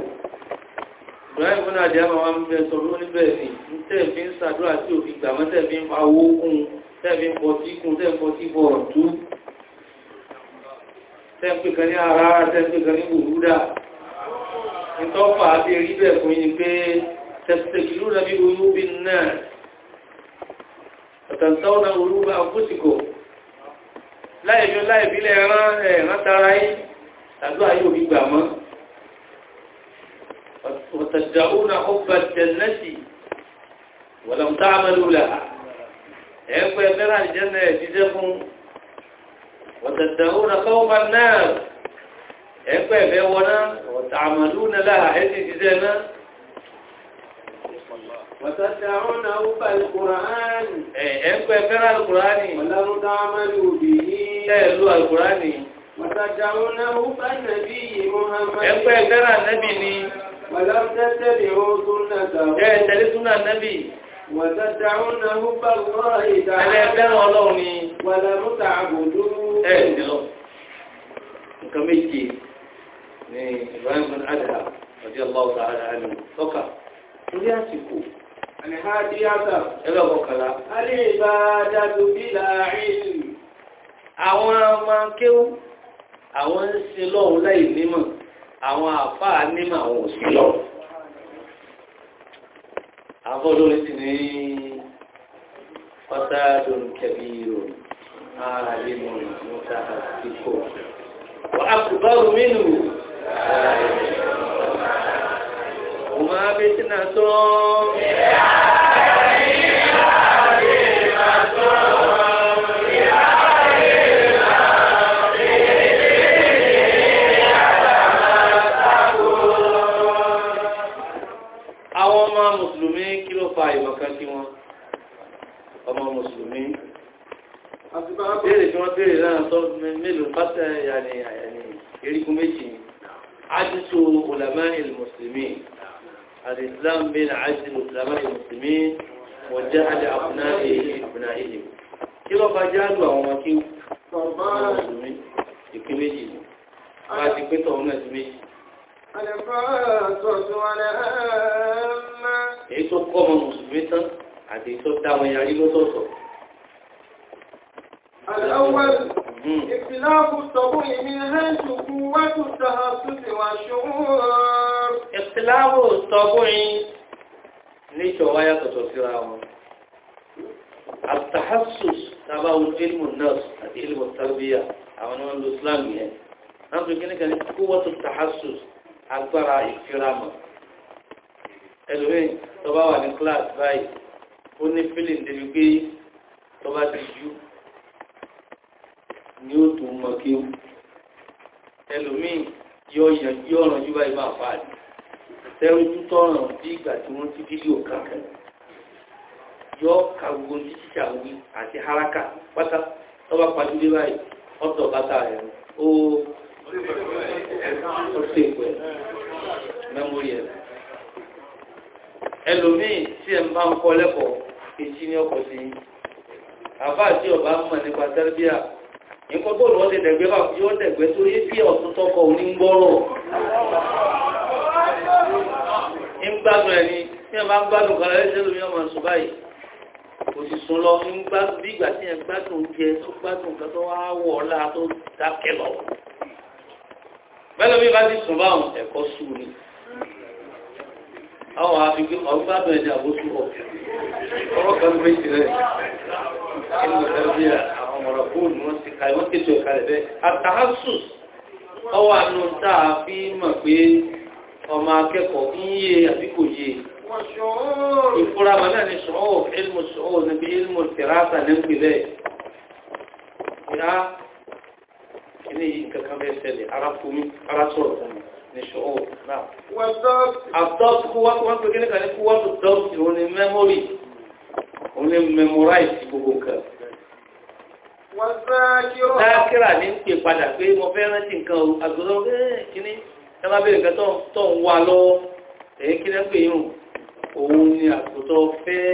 Ibrahim fúnà àdé àmà ń bẹ sọ ló níbẹ̀ ni tẹ̀mí ń ṣàdúrà tí òfin gbà mọ́ tẹ̀mí ń pawó kún tẹ̀mí ń pọ̀ sí kún tẹ̀mí ń pọ̀ sí bọ̀ ọ̀tú tẹ́m̀pé kan ní ara tẹ́m̀pé kan ní bùrúdà nítọ́fà àti rí bẹ̀ fún yí pé tẹ̀sẹ̀kìlú láìjọ láìbílẹ̀ ẹran ẹ̀ràn tara yín tàbí ayé òbí gbà mọ́ ọ̀tàdàúnà ọba jẹnẹtì wọ̀lọ̀mùtà àmàlùlà ẹ̀ẹ́pẹ́ mẹ́rà jẹ́nà ẹ̀dídẹ́ fún ọ̀tàdàúnà kọ́ọ̀bà náà ẹ̀ẹ́pẹ́ mẹ́wọ́ná ọ̀tà àmàlùlà ẹ̀dídẹ́ náà وتدعونه بالقرآن إيه إنكو يكرا القرآن ولو تعملوا به إيه لو القرآن وتدعونه بالنبي محمد إنكو يكرا النبي ولو تتبعوا سنته إيه تلي سنة النبي وتدعونه بالله تعالى أنا يكرا ولوني ولا متعبدون إيه لو كميتي ni Ibrahim bin Adha radiyallahu ta'ala anhu toka torí àsìkò ẹgbẹ́ ọkọ̀kọ̀lá alìbádàtù bílà ìlú àwọn ọmọ kéwú àwọn ń ṣe lọ́hun láì nímọ̀ àwọn àfáà nímọ̀ àwọn òsì lọ àfọ́lórí ti ní ọ̀tàdùn kẹbíro ààrẹ̀mọ̀ mọ́ta àti kò wọ́n àkùbárù mínú ààrẹ̀ لهما فتنة àwọn ọmọ mùsùlùmí kí ló fa ìmọ̀kan sí wọn ọmọ mùsùlùmí béèrè tí wọ́n béèrè náà sọ mélòó pátá yàní erigun méjì ajísò ulama il-muslimin الإسلام بين عجز الإسلامات المسلمين وجعل أبنائه أبنائهم كلا فجعل وهم كيو ìpínméjì bá ti pé tọ̀hún náà ti méjì. èyí tó kọ́ ọmọ mùsùlùmí tán àti èyí tó dá wọn yarí lọ́tọ̀ọ̀tọ̀. Hmm. Ìfìláàbù sọ̀bù ìmìnlẹ́jù kú wájú tàà tó ti wà ṣòro. Ìfìláàbù sọ̀bù yìí ní ṣọ̀wá yàtọ̀tọ̀ síra wọn. Àtàhásùs tàbá ilmù nọ́ọ̀sì àti ilmù tàbíyà àwọn ọmọ ìlú Islam yẹn. Wọ́n fi kí ní kan ní kú wọ́tò tàhásùs agbára ìfiramọ̀. Ẹlòmíì tó bá ni ó tún mọ kí ó ẹlòmíì yóò ràn yí báyìí máa fà á tọ́ràn bí ìgbà tí ti ka gbogbo ní àti haraka pátá tọ́ba pàdúdé báyìí ọ̀tọ̀ bàtà rẹ̀ ó ṣe ìpẹ́ mẹ́mórì ẹ̀ tí ẹ̀ ń kọ́ lẹ́kọ̀ọ́ èjì ní ọkọ̀ sí àbá àti mọ̀ nǹkan bóòlù wọ́n ti dẹ̀gbẹ́ bá yóò dẹ̀gbẹ́ torí bí ọ̀tún tọkọ òní ń gbọ́rọ̀ ń gbádùn ẹni tí wọ́n bá ń gbádùn kan lẹ́yìn tẹ́lómi ọmọ sùn báyìí kò sì sùn lọ ń gbádùn bí ìgbà tí ẹ gbádùn jẹ tó gbádùn kan tó wá wọ̀ ọ́lá tó dákẹ́ lọ. bẹ́ẹ̀ mi bá ti sùn báwọn ẹ̀kọ́ sùn ni àwọn àfikún ọgbádùn ẹni àbóṣù ọ̀ ọ̀rọ̀ àwọn ọ̀rọ̀ bóòlù wọn ti kalẹ̀ wọ́n tètò ìkalẹ̀ bẹ́ẹ̀ àtàásùs ọwọ́ àánú tá a fi mọ̀ pé ọmọ akẹ́kọ̀ọ́ ń yé àbí kò yé ìfúra wọn náà ni sọ́ọ̀ ilmu sọ́ọ̀ níbi ilmu tẹ̀ráta ní ìpìlẹ̀ ìyá kíní yìí kankan bẹ́ẹ̀ ṣẹlẹ̀ ara fún mi ara sọ̀rọ̀ fún mi ní sọ́ọ̀ náà dákírà ní pè padà pé mo fẹ́ rántí nǹkan àgbọ̀dọ̀ eh, kíní ẹ má bèèrè nǹkan tó ń wá lọ́wọ́ èyí kí lẹ́ pè yùn òun ni àgbọ̀dọ̀ fẹ́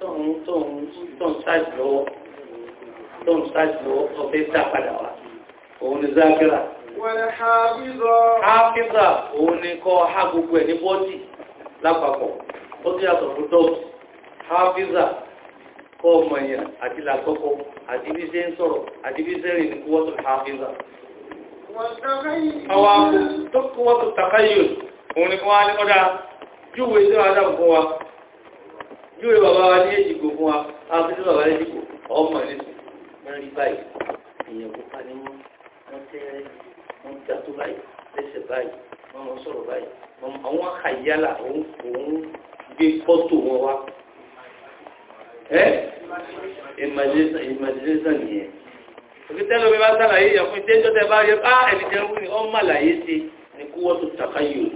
tọ̀hún tọ̀hún tọ̀hún ṣáàjì lọ́wọ́ tọ̀hún ṣáàjì lọ́wọ́ ọ̀fẹ́ dá padà wá òun ni dákírà. Háfíìsà òun ni kọ́ há gbogbo ẹ̀ ní bọ́dì lápapọ̀ ó ti yàtọ̀ fún kọ́ ọmọ èèyàn àti làkọ́kọ́ àti bí ṣe ń sọ̀rọ̀ àti bí ṣe rìn kú wọ́tò hafizah. àwọn akọ tó kú wọ́tò ni kí wọ́n á ní kọ́dá júwe tí wọ́n á dáàbò fún wa júwe bàbá wa ní èjìgbò fún wa àti tí bàbá èjìgbò ọmọ nísìn wọ́n rí báyìí èèyàn kó pa ní wọ́n wọ́n tẹ́rẹ́ wọ́n já sọ̀rọ̀ báyìí àwọn àyálà òun gbé fọ́tò wọn wá ẹ́ imagination yẹn òkìtẹ́lẹ̀ omi bá sàlàyé yẹn fún ìtẹ́jọ́ tẹ bá yẹ ká ẹnìjẹ́ wù ní ọmọ àlàyé sí ní kúwọ́ tó tàkáyò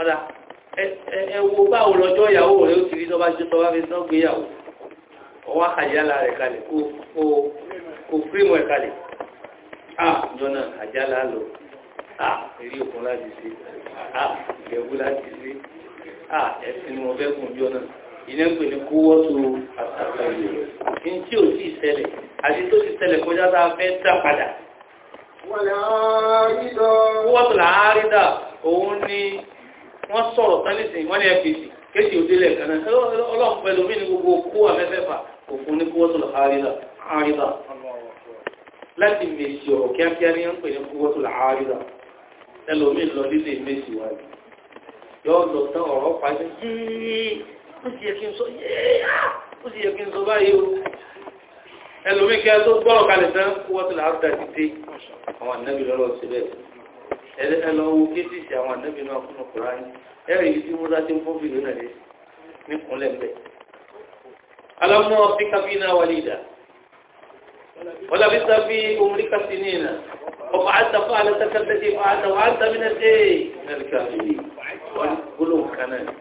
ọ̀dà ẹ wo báwo lọ́jọ́ ìyàwó rẹ̀ ó ti rí tọ́ba jẹ́ tọ́ba fi sán gbéyàwó ọwọ́ àjálà rẹ̀ kalẹ̀ kó fíìmù ẹ̀ kalẹ̀ ah jọ́nà àjálà lọ ah eré òkun láti ṣe ah ìgbẹ̀wò láti ṣe ah ẹ̀sìn ni mo fẹ́ kún jọ́nà ìyẹn pè ní kó wọ́tò àtàkàyè ní tí ò sí ìṣẹ̀lẹ̀ àti tó ti ṣẹlẹ̀ kọjá tá a fẹ́ dá padà. wọ́tò làárídà òun ni wọ́n sọ̀rọ̀ tán nísìnyí wọ́n ní fpc kéjì òdílẹ̀ kan náà ọlọ́run pẹ̀lú mí ní gbogbo kó àmẹ́fẹ́fà òfin ní kó wọ́tò làárídà láti mèsì ọ̀rọ̀ kíákíá ní ń pè ní kó wọ́tò làárídà ẹlòmíì lọ nílé mèsì wáyé yọ lọ tán ọ̀rọ̀ pàdé ó sì yẹ kí n sọ yéèyà ó sì yẹ kí n sọ báyìí o ẹlòmíì kí ẹ tó gbọ́rọ̀ kalẹ̀ tán wọ́n ti là á da dìde àwọn ànábì lọ́rọ̀ síbẹ̀ ẹ lọ wo kéésìsì àwọn ànábì náà kúnnù kúrá yín ẹ rẹ̀ yìí tí wọ́n dá sí ń من الايه من الكافرين كلهم كناني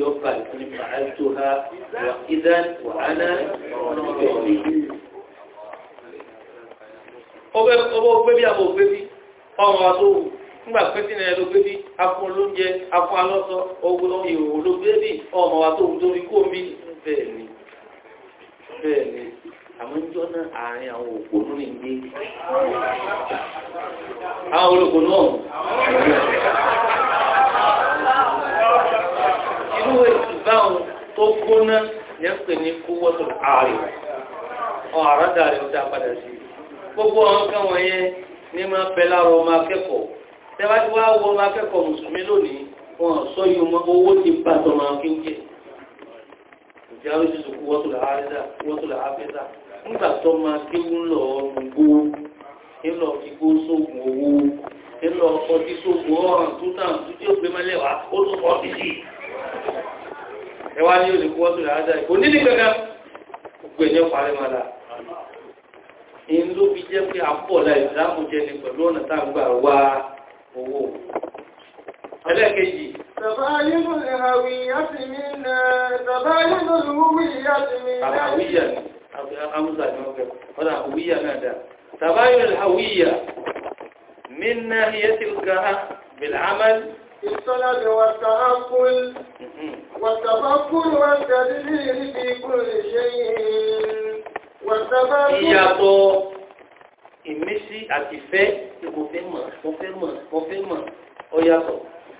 يقال أن فعلتها وإذا وأنا owó gbébí àbò gbébí ọrùn nígbà pẹ́sì náà ló gbébí afún afún alọ́sọ ló ọmọ tó rí kóòmí bẹ́ẹ̀ ni bẹ́ẹ̀ ni náà àárín àwọn irú èsì báwọn tó gbóná yẹn pè ní kúwọ́tò ààrẹ ọ̀ àrádà rẹ̀ ó dá padà sí gbogbo àwọn kan wọ̀nyẹn ní máa bẹ lára ọmọ akẹ́kọ̀ọ́ tẹ́wájú wá wọ ọmọ akẹ́kọ̀ọ́ mùsùlùmí lónìí wọn sọ yìí ọmọ owó ti bá tọmọ akéwújẹ ìjà ló ti sùn kúwọ́tò ààrẹ́dà kúwọ́tò ààfẹ́dà nígbà tó máa kéwú lọ ẹ wá ní olùkú wọ́tò rẹ̀ ájá ìkò nílì kankan gbogbo ẹ̀jẹ̀ parí máa la èyí ló fi jẹ́ pé àpọ̀lá ìsìlámù jẹ́ ni pẹ̀lú ọ̀nà tá à ń gbà wá owó ẹlẹ́ẹ̀kejì. Tàbáyínú ìhàwí yàtì mí nà tàbáyínú ìhùwí yàtì mí nà. Àwíyà náà في الصلاة والتعقل mm-hmm. والتفكر والتدبير في كل شيء والتفكر ìyàtọ̀ ìmísí àti ìfẹ́ tí kò fẹ́ mọ̀ kò fẹ́ mọ̀ kò fẹ́ mọ̀ ó yàtọ̀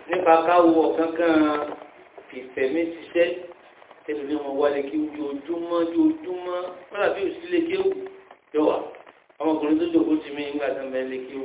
nípa káwọ ọ̀kankan ìfẹ̀mí ṣiṣẹ́ tẹ́lú ní wọn wálé kí ojoojúmọ́ ojoojúmọ́ wọ́n làbí òsílẹ̀ kéwù yọ̀wà ọmọkùnrin tó jòkó ti mi nígbà tán bẹ́ẹ̀ lé kéwù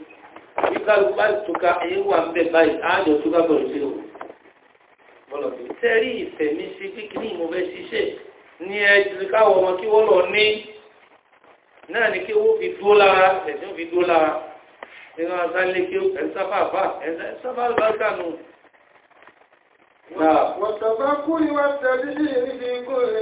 ìkàlùkù bá ìtùkà ẹ̀yìn wà ń bẹ̀ báyìí ààjọ tó bá bọ̀rọ̀ sí o bọ́lọ̀ sí tẹ́rí ìfẹ́ mi sí kíkiri mo fẹ́ ṣiṣẹ́ ní ẹjì káwọ ọmọ kí wọ́n lọ ní náà ni kí wọ́n fi dúó lára ẹ̀sìn fi dúó lára nínú asálé kí ẹ̀sáfà bá ẹ̀sáfà bá kànú. wọ̀tọ̀bá kú ni wọ́n tẹ̀lé ní ìrìbí kò lè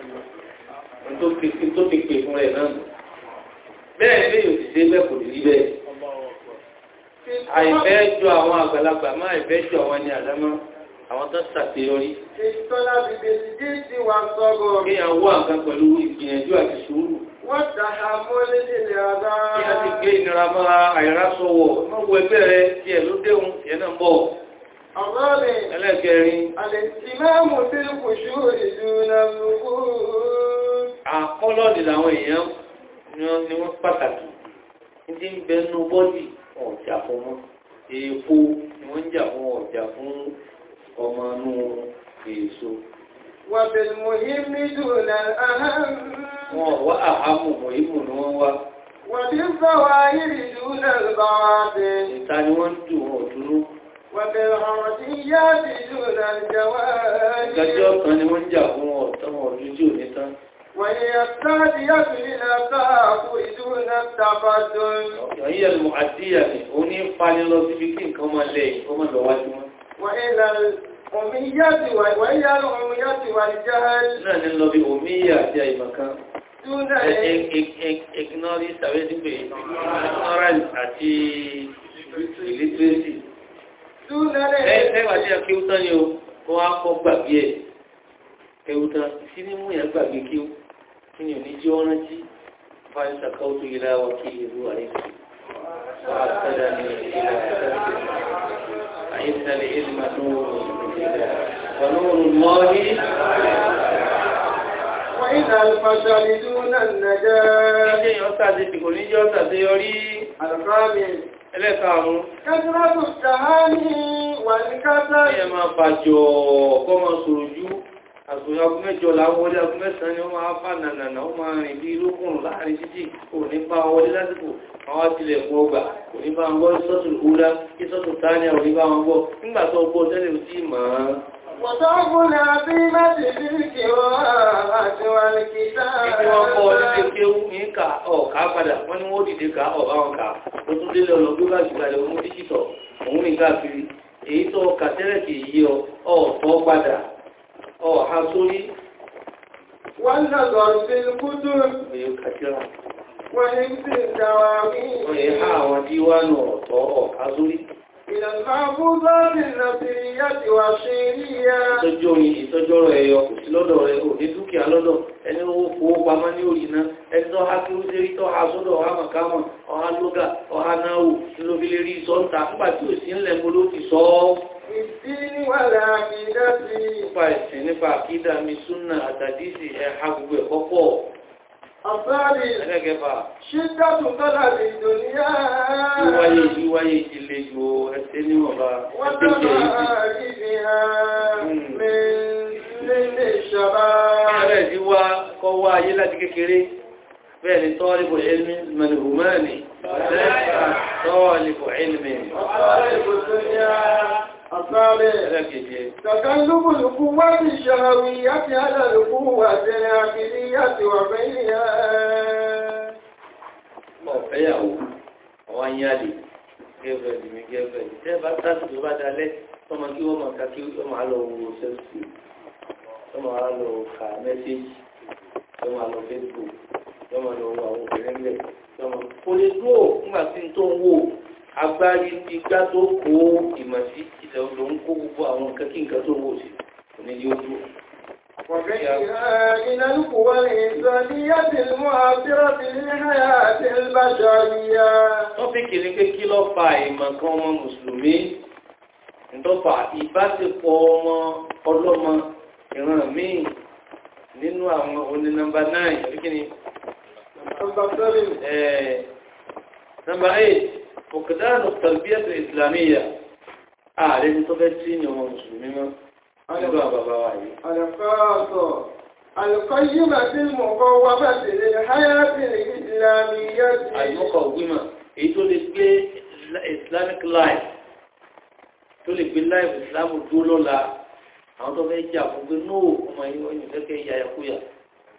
tó fi pè fún rẹ̀ náà bẹ́ẹ̀ bí òṣìṣẹ́ bẹ́ẹ̀ kò rí bẹ́ẹ̀ àìfẹ́ ju àwọn àgbàlagbà má àìfẹ́ ju àwọn ní àdámọ́ àwọn tó ṣàṣeyọrí. ìtọ́lá bìbèsì dé sí wa sọ́gọ̀. kí a wá nǹkan pẹ̀lú ìgbìyànjú àti sùúrù. wọ́n dàá mọ́ lédè lè rárá. kí a ti gbé ìnira mọ́ àìrá sọ̀wọ̀ mọ́ ẹgbẹ́ rẹ tiẹ̀ ló déhùn tiẹ̀ náà bọ̀. ọ̀rọ̀ ẹlẹ́gẹ̀rin. àlè tìmáàmù tí kò ṣúrò ìdúnà lókùú àkọ́lọ́dì làwọn èèyàn ni wọ́n pàtàkì ní ń bẹnu bọ́dì ọ̀jà fọmọ́ èèpo ni wọ́n ń jà fún ọ̀jà fún ọmọ inú èso wọ́n wá àhámù mọ̀hímù ni wọ́n wá wàbí sọ́wọ́ ayé ìlú lẹ́lọ́gbà wá dé ìta ni wọ́n dùn ọ̀dúnú Gàjọ́ kan ni wọ́n jà fún ọ̀tọ́mọ̀ ojú ní tán. وهي التادية إلى تأخذون التقدم وهي المؤدية هوني فالي لو سبيكين كما لي كما لو واجمع وإلى الأمية وهي الأمية والجهل نحن لو بأمية يا إمكان Ignori sàwé sí pé ignorance àti illiteracy. Ẹ ṣẹ́wà tí a kí ó tán ni ó, kó wá kọ́ gbàgbé ẹ̀. Ẹ̀wùtàn sí ní mú ìyàn gbàgbé kí ó ni òní jí wọ́n rántí fáyọ́ sàkọ́tù ilá ọkí ìlú àríkì fàtàdà ní ilá àìsàlẹ̀ ilmà lóòrùn ونور الله وإذا الفشل دون النجاة الخامس ẹlẹ́kàrún kẹsìrọ́tù tàhání wà ní kásá ẹ̀yẹ máa bàjọ́ kọ́ máa sòrò jú àgbòyàn agun mẹ́jọ làwọn wọlé agun mẹ́sàn-án ni wọ́n máa fà nànànà wọ́n máa rìn bí lókùn láàrin títì kò ní bá wọlé lásìkò àwọn tilẹ̀ fún ọgbà kò ní bá ń gbọ́ sọ́tù húlá kí sọ́tù tánìà ò ní bá wọn gbọ́ nígbà tó gbọ́ tẹ́lẹ̀ ò sí mọ̀ án. Wọ̀tọ́gbùnà bí láti bí kí wọ́n àti wọn ní kí sáà. Ibi wọn kọ́ nílé kéwú ọ̀há sórí wọ́n nàzọ̀ sí kútù wọ́n ní sí ìdáwà mí ọ̀há àwọn díwánù ọ̀tọ̀ ọ̀há sórí Ìtọ́jú orin ìtọ́jú ọ̀rọ̀ ẹ̀yọ kò sí lọ́dọ̀ rẹ̀ ò ní dúkìá lọ́dọ̀ ẹni owó fowó pamọ́ ní òyìnà ẹ̀tọ́ ha kí ó ṣe tọ́ ha sọ́dọ̀ ọha mọ̀kámọ̀ ọha lógà ọha náà wò tí ló fi lè rí sọ́ta nígbà tí ò sí ńlẹ̀ mo ló fi sọ́ọ́. Nípa ẹ̀sìn nípa àkídà mi súnà àtàdísì ẹ̀ha gbogbo ẹ̀kọ́ pọ̀. Àfẹ́rí ẹ̀gẹ́gẹ́fà. Ṣídá tó tọ́lá lè dòníyà. Ìwáyé ìwáyé ìdílé yóò ẹ̀sẹ̀ níwọ̀nba. Wọ́n tó máa rí ní ha nílé ìṣàbá. Ẹ̀rẹ́ ìdíwá kọ́ wá ayé láti kékeré. Bẹ́ẹ̀ni tọ́ọ̀lẹ́bù ilmi mẹ́lùmẹ́ni. Bẹ́ẹ̀ni tọ́ọ̀lẹ́bù ilmi. Tọ́ọ̀lẹ́bù tó yá. السابع تقلب القوة الشهوية على القوة العقلية وبينها ọ̀fẹ́yàwó ọwọ́ anyáde gẹ́gẹ́rẹ́dì mi gẹ́gẹ́rẹ́dì tẹ́ bá tásìkò bá dalẹ́ ọmọ kí wọ́n máa kí wọ́n máa lọ wo sẹ́sì wọ́n máa lọ ka mẹ́sẹ́jì wọ́n máa lọ Facebook wọ́n máa lọ wo àwọn obìnrin lẹ̀ wọ́n lè dúró nígbà tí n tó ń wò agbárí ti gbá tó kó ìmọ̀ sí ilẹ̀ odò ń kó gbogbo àwọn nǹkan kí nǹkan tó wò sí kò ní yóò dúró. إن القوى الإنسانية المعاصرة للحياة البشرية. Tọ́pìkì ni pé kí ló fa ìmọ̀ kan ọmọ Mùsùlùmí? Ǹdọ́fà ìbáṣepọ̀ ọmọ ọlọ́mọ ìran míì nínú àwọn oní nọmba 9 àbíkíni. Nọmba فقدان التربية الإسلامية أعلم تفتين يوم مسلمين أنا بابا بواي القاطع القيمة المقومة للحياة الإسلامية المقومة إيتو لسكي Islamic life tó lè gbé life Islam dúró lọ́la àwọn tó fẹ́ jà fún pé no ọmọ yìí wọ́n yìí fẹ́kẹ́ ya ẹkúyà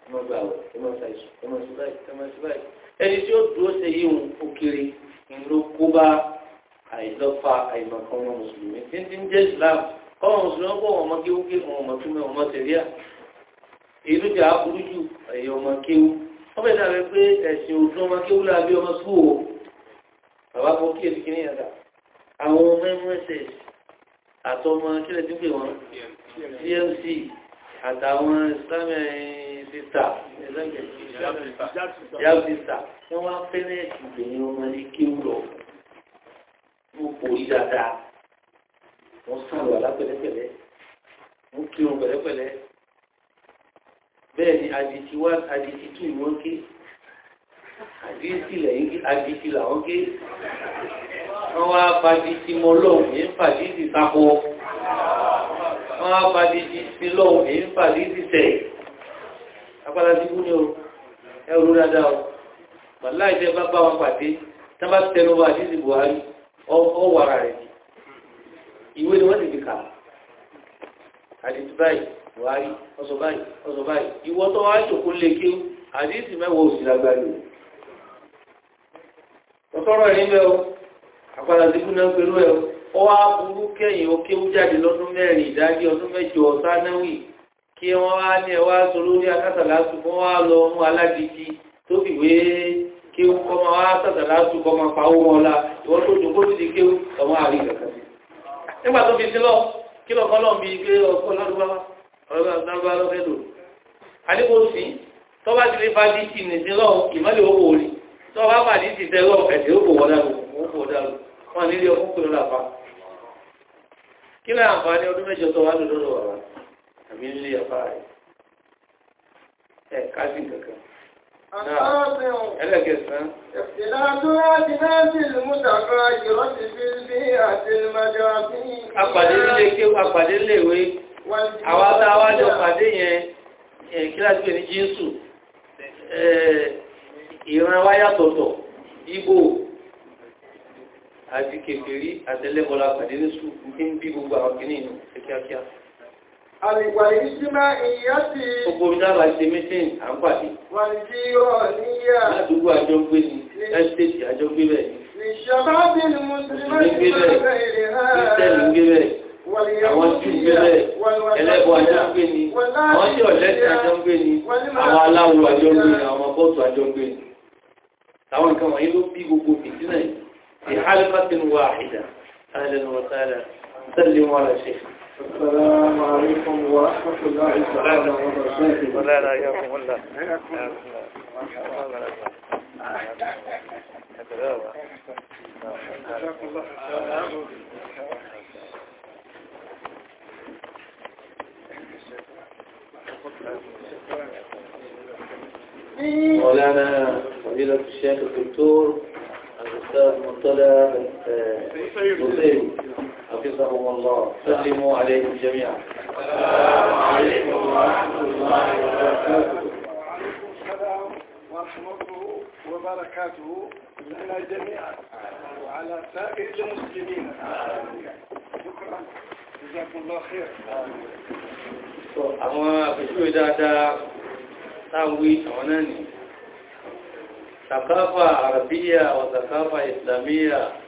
ẹ máa gbà wẹ̀ ẹ máa ṣàìsùn ẹ máa ṣe báyìí ẹ máa ṣe báyìí ẹni tí ó dúró ṣe yìí ń ó ìlú kúbá àìlọ́fà àìmọ̀kan ọmọ mùsùlùmí tí ń ti ń jẹ́ islam ọmọ mùsùlùmí kó wọn ọmọ kéwú ké wọn ọmọ túmọ̀ ọmọ tẹ̀lẹ́à ìlú jà á burú jù ẹ̀yẹ ọmọ kéwú wọ́n bẹ̀rẹ̀ dàbẹ̀ pé ẹ̀sìn òdùn ọmọ kéwú làbí ọmọ sùúrù o bàbá kò kí èsì kìíní yàtà àwọn ọmọ mss àtọmọ kílẹ̀ tí pè wọ́n cmc àtàwọn islamic sísà ìyá sísà wọ́n wá fẹ́rẹ̀ẹ́sì obìnrin ọmọ ní kíw lọ wọ́n pò yí dáadáa wọ́n sàrò àlá pẹ̀lẹ́pẹ̀lẹ́ wọ́n kí wọn pẹ̀lẹ́pẹ̀lẹ́ bẹ́ẹ̀ ni àdìsí wá àdìsí tún ìwọ́n ké àdìsí lẹ́yìn ké àdìsí làwọn ké wọ́n wá fàdìsí mọ́ lọ́hùn yẹn fàdìsí sápọ̀ wọ́n wá fàdìsí sí lọ́hùn yẹn fàdìsí sẹ́yìn agbára ti kú ni o ẹrú dáadáa o wàlá ìdẹ bá bá wọn pàdé tí wọn bá tẹnu bá àdìsí Buhari ọ wàrà rẹ ìwé ni wọn ti fi kà àdìsí báyìí Buhari ọsọ báyìí ọsọ báyìí ìwọ tó wá jòkó lè kí àdìsí mẹwàá òsì lágbàdo ọtọrọ ẹni bẹ o agbára ti kú náà pẹ̀lú ẹ o ọwọ́ aburú kẹ́yìn ó kéwú jáde lọ́dún mẹ́rin ìdájí ọdún mẹ́jọ sánáwì kí wọ́n wá ní ẹwà sọ̀rọ̀ ní akásàlásù fún wá lọ mú alágidi tó fìwé kí wọ́n kọ́ máa wá sàtàlásù kọ́ máa pa owó ọlá ìwọ́n tó dùn kó sì di kí ọmọ àrí kankan sí. nígbà tó fi sílọ kí lọ́kọ́ lọ́n bí pé ọkọ́ lọ́dúnbáwá ọ̀rọ̀ lọ́dúnbáwá lọ́fẹ́ lò. àdébò sí tọ́ba ti lè bá dí kí ní sílọ ìmọ̀lẹ̀ owó rí tọ́ba bá dí ti tẹ́lọ ẹ̀sẹ̀ òkò wọ́n dàrú wọ́n nílé ọkọ̀ kúrò àbí nílé ọba rẹ̀ ẹ kájú kankan. ẹlẹ́gẹ̀sán. apàdé nílé ké apàdé léwé àwa tá a wá jọ pàdé yẹn kíláàsì pé ní Jésù ìran wa yàtọ̀tọ̀ Ìgbò àti kèfèrí àtẹlẹ́bọ̀lá pàdé ní sùkú ní bí gbogbo àwọn kìnnìún kíákíá. Àlìgbà ìṣúná ìyá ti. Gbogbo omi dábàá ṣe mítìn à ń pàdé. Wà ní kí ọ̀ níyà. Ládùúgbò àjọ gbé ni, ẹ́stéètì àjọ gbé bẹ̀. Ìṣọ̀bá bí ni mo ti máa ń gbé bẹ̀. Ìṣẹ̀lú gbé bẹ̀. Àwọn tí ń gbé bẹ̀. Ẹlẹ́bọ̀ àjọ gbé ni. Àwọn tí ọ̀lẹ́sìn àjọ gbé ni. Àwọn aláwo àjọ gbé ni. Àwọn bọ́ọ̀tù àjọ gbé ni. Àwọn nǹkan wọ̀nyí ló bí gbogbo fìtínà yìí. Ìhálẹ́fà ti ń wá àhìdá. Ahlan wa sahlan. Sallimu ala السلام عليكم ورحمة الله تعالى وبركاته ولا لا ياكم مولانا فضيلة الشيخ الدكتور الأستاذ مطلع الحسين آه، حفظهم الله سلموا عليهم جميعا السلام عليكم ورحمة الله وبركاته ورحمته وبركاته لنا جميعا وعلى سائر المسلمين شكرا جزاكم الله خير أما في شو táwí àwọn náà ni ثقافه عربيه وثقافه اسلاميه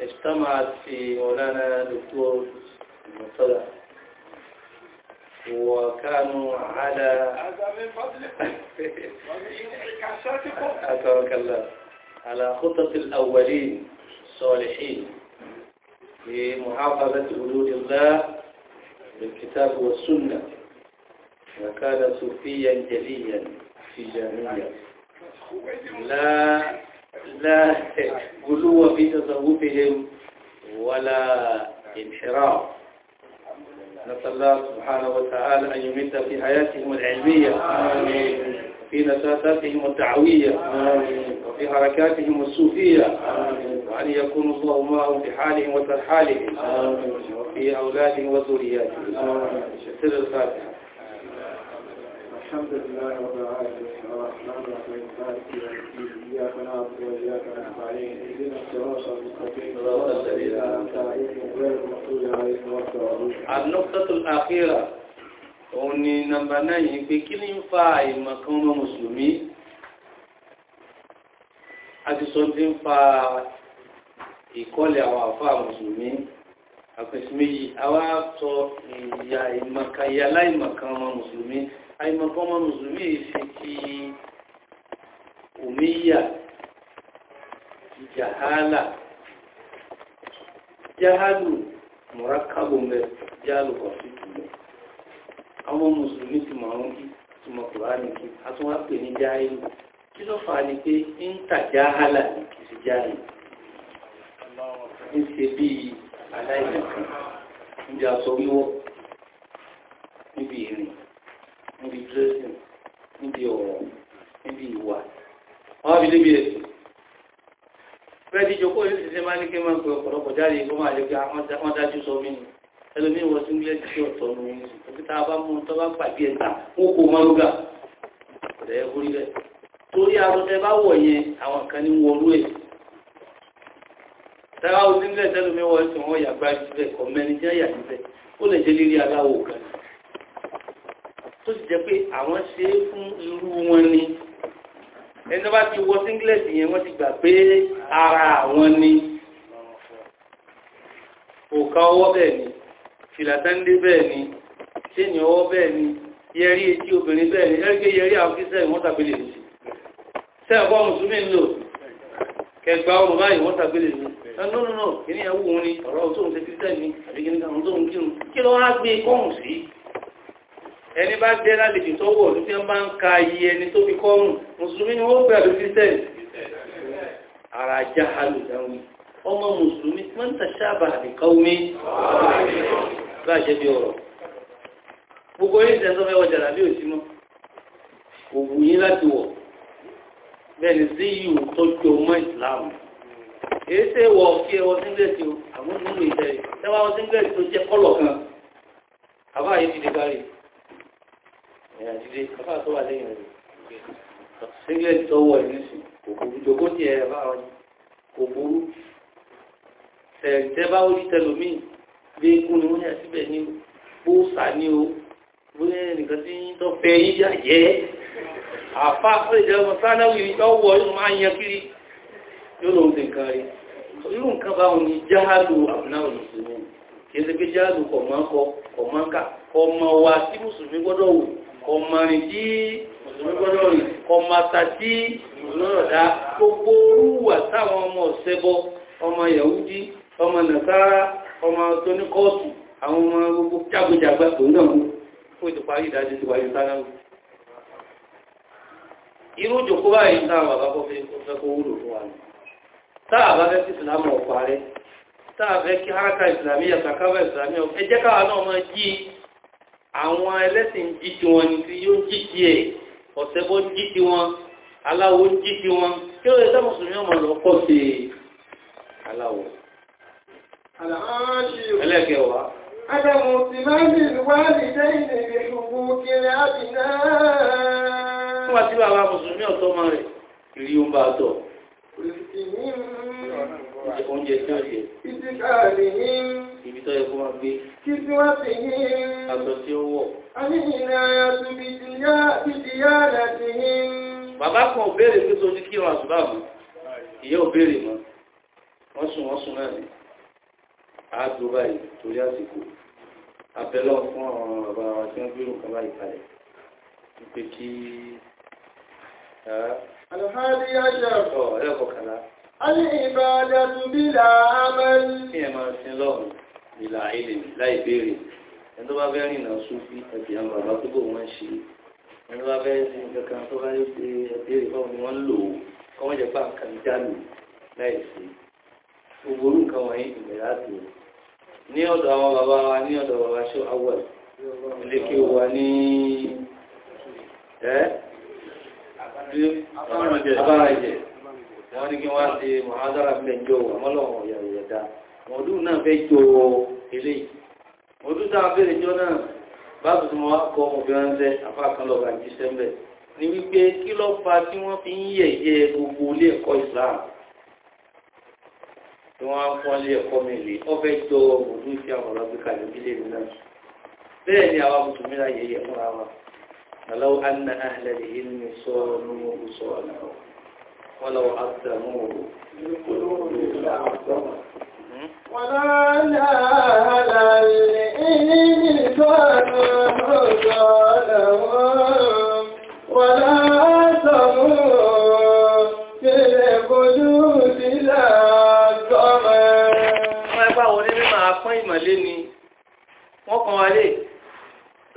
اجتمعت في مولانا دكتور المطلع وكانوا على الله على خطط الأولين الصالحين لمحافظة حدود الله بالكتاب والسنة وكان صوفيا جليا في جامعة لا لا غلو في تصوفهم ولا انحراف نسأل الله سبحانه وتعالى أن يمد في حياتهم العلمية آمين في نساتاتهم الدعوية آمين وفي حركاتهم الصوفية آمين وأن يكون الله معهم في حالهم وترحالهم آمين وفي أولادهم وذرياتهم آمين شكرا الفاتحة الحمد لله رب العالمين الرحمن الرحيم مالك يوم الدين اياك نعبد واياك نستعين اهدنا الصراط المستقيم صراط الذين انعمت عليهم غير المغضوب عليهم ولا الضالين النقطه الاخيره òun ni nọ́mbà náà yìí pé fa àìmọ̀ kan ọmọ mùsùlùmí àti sọ tí ń fa ìkọlẹ̀ àwọn àfa mùsùlùmí àpèsè méjì àwa sọ ìyà ìmọ̀kan ìyà láìmọ̀kan ọmọ mùsùlùmí àìmọ̀kọ́mọ mùsùlùmí fi ti òmíyà ti jàhálà jáhálù mọ̀rákàbò mẹ́ jáhálù kọ̀síkù mẹ́ àwọn mùsùlùmí ti mọ̀ àwọn kí ti mọ̀ kùránì kí a tún wá pè ní jáhálù kí ló fà á ni pé ń tà jáhálà ní kì sí jáhálù ń ṣe bí aláìmọ̀kan ń jà sọ wíwọ́ níbi ìrìn níbi dressing níbi ọ̀rọ̀ ọrụ ìwà a fi níbi ẹ̀sùn fẹ́ẹ̀dì ìjókòó yìí ṣe máa ní kí máa ń pẹ ọ̀pọ̀lọpọ̀ jáde ìgbó máa lè gba sọ mí ni ẹlòmíì wọ sí ilé a bá mú un tó bá pàdé kó torí bá yẹn àwọn kan ní tó sì jẹ́ pé àwọn ṣe é fún irú wọn ni ẹni tó bá ti wọ singlet yẹn wọ́n ti gbà pé ara àwọn ni òkà ọwọ́ bẹ́ẹ̀ ni filatande bẹ́ẹ̀ ni ṣéènì ọwọ́ bẹ́ẹ̀ ni yẹrí etí obìnrin bẹ́ẹ̀ ni ẹgbẹ́ yẹrí àwọn kìsẹ́ wọ́n tàbílẹ̀ ní sẹ́ẹ̀kọ́ mùsùlùmí ń lò kẹgbà ọmọ báyìí wọ́n tàbílẹ̀ ní ẹnúnúnú kìíní ẹwù òun ni ọ̀rọ̀ tó ń ṣe kìrìtẹ́ ni àbíkìní kan tó ń kírun kí ló wá gbé e kọ́hùn sí ẹni bá jẹ́ lálejò tó wọ̀ ní tí wọ́n bá ń ka iye ẹni tó fi kọ́rùn mùsùlùmí ni wọ́n pẹ̀ àbí christian ara já alùdáwí ọmọ mùsùlùmí wọ́n tàṣàbà àbíkáwí bá jẹ́ bí ọ̀rọ̀ gbogbo yìí tẹ́sán fẹ́ wọjà làbí òsì mọ́ òwú yín láti wọ̀ bẹ́ẹ̀ ni sí yìí ò tọ́jú ọmọ ìsìláàmù èyí tẹ́ wọ̀ kí ẹwọ síngẹ̀tì o àwọn onílù ìtẹ́rì tẹ́wọ́ síngẹ̀tì tó jẹ́ kọ́lọ̀ kan àbá yìí ti dé kárí ẹ̀yà dídé afá tó wà lẹ́yìn rẹ̀ sílẹ̀ tọwọ́ ẹ̀ nísìn kò burú jogó ní ẹ̀ bá wọn kò burú tẹ̀tẹ́ bá ó rí tẹlòmíì bí ikú ni wọ́n yà síbẹ̀ ní bóòsà ní o bóyá nìkan tí tó fẹ́ yíyà jẹ́ àfá ó lè kiri yóò lòun ti nǹkan rí irú nǹkan báwọn ni jáàlù àbúnáwò mùsùlùmí kì í ṣe pé jáàlù kọ̀ máa ń kọ kò mọ̀rin tí mùsùlùmí gbọ́dọ̀ tí gbogbo orúwà táwọn ọmọ ọ̀sẹ́bọ ọmọ yahudi ọmọ nàtàrà ọmọ tóníkọ́ọ̀tù àwọn ọmọ gbogbo jágbéjàgbá tó náà fún ìtòparí ìdájọ́ ti wáyé sáláwù irú jòkó báyìí táà bàbá fẹ́ kó fún wa táà bá fẹ́ sí ìsìlámù táà fẹ́ kí ìsìlámù náà máa jí àwọn ẹlẹ́sìn jí ti wọn ni tí yóò jí ti ẹ̀ ọ̀sẹ̀bọ́ jí ti wọn aláwo jí ti wọn kí ló lè tẹ́ mùsùlùmí ọmọ lọ pọ̀ sí aláwo. ẹlẹ́kẹ̀ wá. Adamu ti máa ń lè wá lè dẹ́ ìdèrè gbogbo kiri àbìnà. Fún wa tí bàbá mùsùlùmí ọ̀tọ́ máa rẹ̀ kiri ó ń bá a tọ̀. Kò sì ní oúnjẹ tí ó jẹ. Títí káàdì ní. Ibi tó yẹ kó máa gbé. Títí wá sí ní. Aṣọ tí ó wọ̀. A ní ìrìn àyà tóbi ti yá títí yá láti ní. Bàbá kan ò béèrè pé torí kí wọn àtúbà mú. Ìyá ò béèrè mọ́. Wọ́n sùn wọ́n sùn náà ni. A dúró báyìí torí àsìkò. Abẹ́lọ́ fún àwọn bàbá wa tí wọ́n gbérù kan báyìí kalẹ̀. Wípé kí. Ah, Àlùfáà ní yá jẹ́ ọ̀rọ̀ ẹ̀kọ́ kan náà. Alìbàdàtù bílà àmàlì. Kí ẹ máa sin lọ́rùn ìlà ilẹ̀ láì béèrè. Ẹni tó bá fẹ́ rìn náà súnfí ẹ̀bì àwọn bàbá tó bò wọ́n ṣe. Ẹni tó bá fẹ́ sin kankan tó bá yóò ṣe ẹ̀bẹ̀rẹ̀ báwo ni wọ́n ń lò ó. Kọ́mọ̀ jẹ́ pà nǹkan jálù láì sí. Gbogbo orú nǹkan wọ̀nyí ìbẹ̀rẹ̀ àti ní ọ̀dọ̀ àwọn bàbá wa ní ọ̀dọ̀ bàbá ṣó awọ̀ ilé kí wọ́n ní kí wọ́n ṣe mọ̀hádára fílẹ̀ jọ àmọ́lọ́wọ̀n yàrá mọ̀dún náà fẹ́ jọ ilé mọ̀dún tá a fẹ́rẹ̀ jọ náà bá tuntun wọn kọ ọmọbìnrin ṣe afákanlọ́gbà jíṣẹ́ mbẹ̀ ni wípé kí ló fa tí wọ́n fi ń yẹ̀yẹ́ gbogbo ilé ẹ̀kọ́ Islam tí wọ́n fọ́n lé ẹ̀kọ́ mi ọ fẹ́ jọ mọ̀dún tí àwọn ọ̀rọ̀ gbé kalẹ̀ nílé mi wa. Àlọ́ ولو أقسموه بالقلوب لأعظم ولا لا لا الإنسان ولا سموا في القلوب لأعظم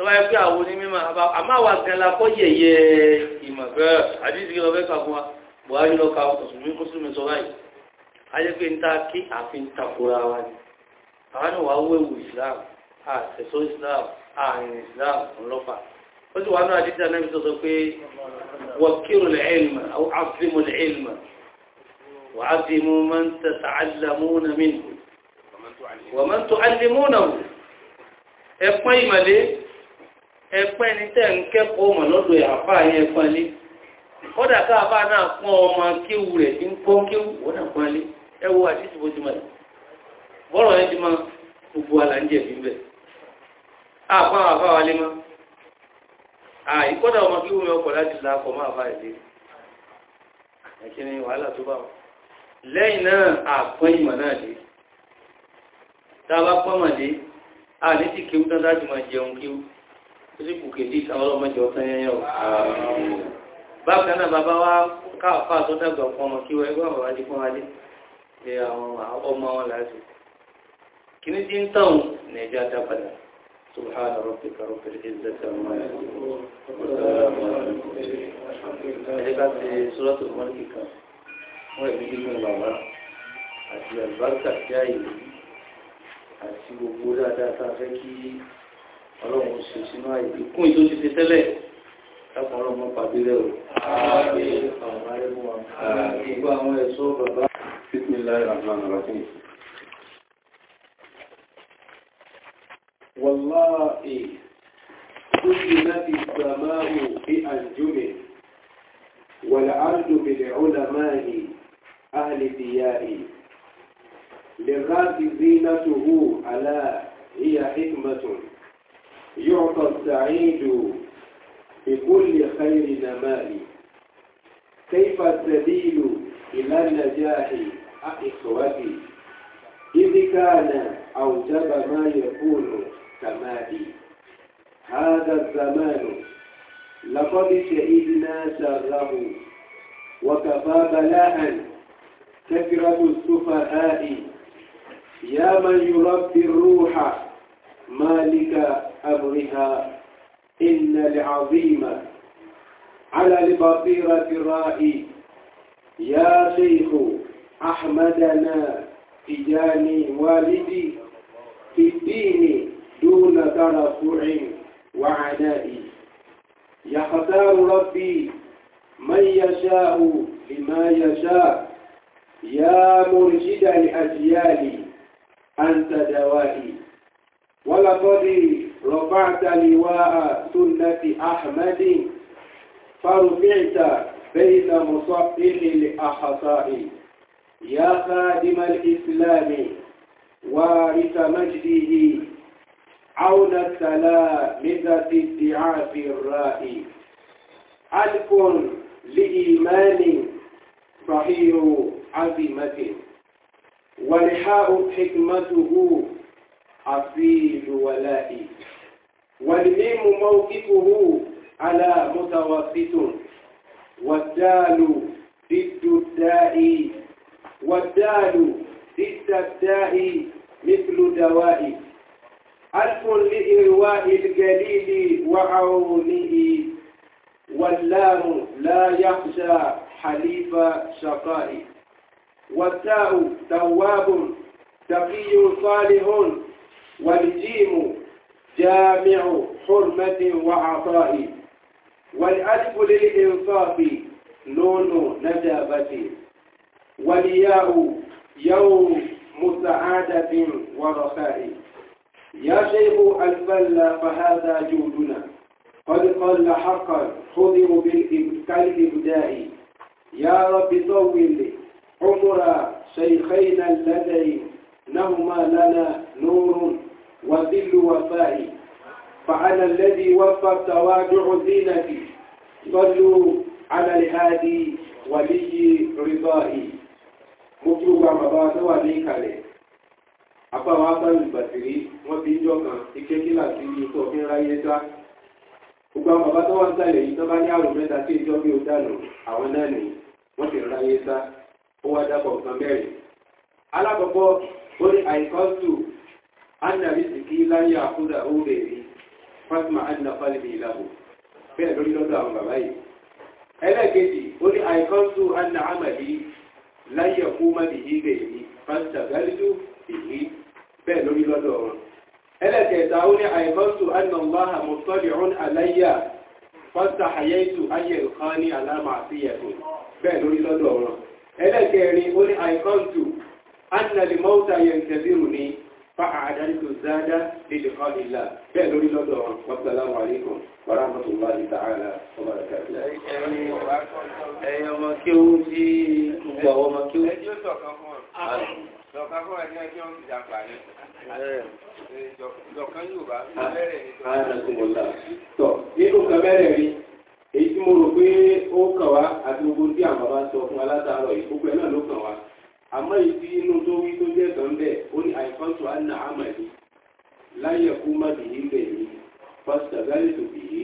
Wọ́n àwọn onímọ̀ àbá àmáwà gan la kọ́ ìmọ̀ bẹ́ẹ̀ àdíjì lọ fẹ́ wa buhari ló ka mùsùlùmí mùsùlùmí sọ báyìí ayé pé ń ta kí àfin takora wa ni àwọn náà wàá wéwu islam àṣẹṣọ islam àrùn islam ńlọfà ó sì wàá náà àdìsí anábì sọ pé wàkírù lẹ́ẹ̀lmà àwọn àfimù lẹ́ẹ̀lmà wàá fi mú máa ń tẹ̀sà àlámúnà mìíràn wọ́n máa ń tó àlámúnà wò ẹ̀pọ́n ìmàlẹ́ ẹ̀pọ́n ẹni tẹ́ ń kẹ́kọ̀ọ́ mọ̀ lọ́dọ̀ kódà káàbá náà pọ́n ọmọ kéwù rẹ̀ ní pọ́n kéwù wọ́n náà pọ́n alé ẹ wo bó ti mọ̀ bọ́rọ̀ yẹn ti máa gbogbo àlà ń jẹ̀bi bẹ́ẹ̀ àfọ́ àwọn àfọ́ wálé mọ́ ọmọ la máa bá ẹ̀kíní wàhálà tó bá wọn lẹ́yìn náà àpọ́n ìmọ̀ náà a pọ́n a ní bákan náà bàbá wa káàfà tó dàgbà fún ọmọ kí wọ́n ẹgbẹ́ bàbá dé fún wájú ṣe àwọn ọmọ wọn láti kìíní tí ń tàn nàìjíríà dábàdà subhana rabbika rabbil izzati amma yasifun ẹ̀ka ti suratul mulki kan wọ́n ẹ̀mí gígùn bàbá àti àlùbáríkà jáì àti gbogbo dáadáa tá Tápọ̀lọ́ mọ́ pàdé rẹ̀ o. Gbogbo àwọn ẹ̀ṣọ́ bàbá. Fífún láì Rahman Rahim. Wàláì, ó ti láti sàmáhù bí àjúmẹ̀, wàlá àrùdù Lè ráàbì zínátòhù àlá, ìyà بكل خير نمائي كيف السبيل إلى النجاح أخوتي إذ كان أوجب ما يكون كمادي هذا الزمان لقد شهدنا شره وكفى بلاء كثرة السفهاء يا من يربي الروح مالك أمرها إن لعظيمة على لبطيرة الرائي يا شيخ أحمدنا جان والدي في الدين دون ترفع وعناء يختار ربي من يشاء لما يشاء يا مرشد الأجيال أنت دوائي ولقد رفعت لواء سنة أحمد فرفعت بين مصفح الأحصاء يا خادم الإسلام وارث مجده عون التلامذة ادعاء الرائي ألف لإيمان صحيح عزيمة ولحاء حكمته أصيل ولائي والميم موقفه على متوسط والدال ضد الداء والدال ضد الداء مثل دواء ألف لإرواء الجليل وعونه واللام لا يخشى حليف شقاء والتاء تواب تقي صالح والجيم جامع حرمة وعطاء والألف للإنصاف لون نجابة والياء يوم سعادة ورخاء يا شيخ الفلا فهذا جودنا قد قل حقا خذوا كالإبداء يا رب طول عمر شيخينا اللذين نهما لنا نور وذل وفائي فأنا الذي وفى توادع زينتي صلوا على الهادي ولي رضائي مطلوب عمضات وليك عليه àbáwá sáàlù ìbàtìrí wọ́n ti ń jọ kan ike kílà sí iye tó fi ń ráyé dá gbogbo àwọn bàbá tó wà ń sàlẹ̀ yìí tó bá ní àrùn mẹ́ta tí ìjọ bí ó dànù àwọn náà nì wọ́n ti ráyé dá ó wá dábọ̀ nǹkan mẹ́rin alákọ̀ọ́kọ́ ó ní àìkọ́sù anna riziki láyé àkúdà oúnjẹ rí fatima anna falibi ìlàbò bẹ́ẹ̀ lórí lọ́dọ̀ àwọn bàbá yìí ẹlẹ́ẹ̀kejì ó ní àìkọ́ńtù anna amadi láyé kú mọ́bì ìgbè ní pásítà gárídù ìlú bẹ́ẹ̀ lórí lọ́dọ̀ wọn ẹlẹ́ẹ̀kẹta ó ní àìkọ́ńtù anna allaha mọ̀tọ́lì ọ̀n aláyà pásítà hayaitu ayé ìkọ́ ní aláma àti yẹ̀kùn lórí lọ́dọ̀ wọn ẹlẹ́ẹ̀kẹrin ó ní àìkọ́ńtù anna limọ́ta yẹn tẹ̀síru ní fa àdáríkò záadá lédè ọ̀dìlá bẹ́ẹ̀ lórí lọ́dọ̀ wassalamu alaikum warahmatullahi ta'ala wa barakatuh. ẹ̀yin ọmọ kí ó ń tí gbogbo kí ó. ẹjọ́ sọ̀kan fún ọ ah. sọ̀kan fún ẹni ẹjọ́ ń jàǹfà ní. sọ̀kan yóò bá bẹ̀rẹ̀ nítorí. tọ́ nínú kan bẹ̀rẹ̀ rí èyí tí mo rò pé ó kàn wá àti gbogbo tí bá sọ fún alátàárọ̀ ìkókò ẹ̀ náà ló kàn wá àmọ́ ìdí inú tó wí tó jẹ́ tán bẹ́ẹ̀ ó ní àìkọ́tù anna amadi láyé kú má bìí bẹ̀ mí pásítà gáàlì tó bìí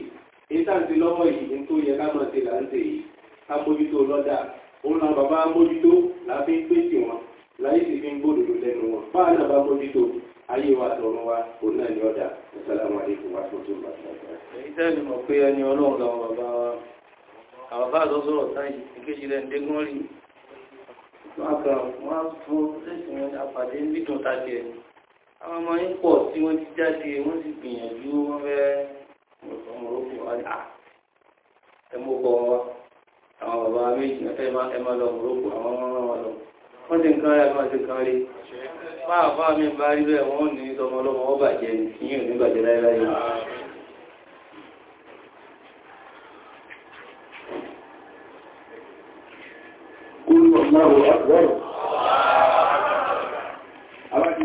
ìtàǹtì lọ́wọ́ yìí ní tó yẹ ká máa ṣe là ń ṣe yìí ká mójútó lọ́dà òun náà bàbá mójútó láfi ń pèsè wọn láyé sì fi ń gbódòdó lẹ́nu wọn báà náà bá mójútó ayé wa àtọ̀run wa òun náà ní ọ̀dà assalamu alaikum wa rahmatullahi wa barakatuh. èyí sẹ́ni mọ̀ pé ẹni ọlọ́run làwọn bàbá wa àwọn bá àtọ́sọ̀rọ̀ táyì ìkejì rẹ̀ ń dégún wọ́n ti jáde wọ́n sì gbìyànjú wọ́n fẹ́ ọmọ òkú ẹmú kọ àwọn bàbá méjì ẹmọ́ lọ mọ̀rọ̀kù àwọn ọmọ lọ wọ́n ti nǹkan rẹ̀ máa ti kan rí máa mi bá rí bẹ́ẹ̀ wọ́n ní ọmọ ọlọ́mọ ọbàjẹ́ ìyìn ò ní bàjẹ́ láíláí الله أكبر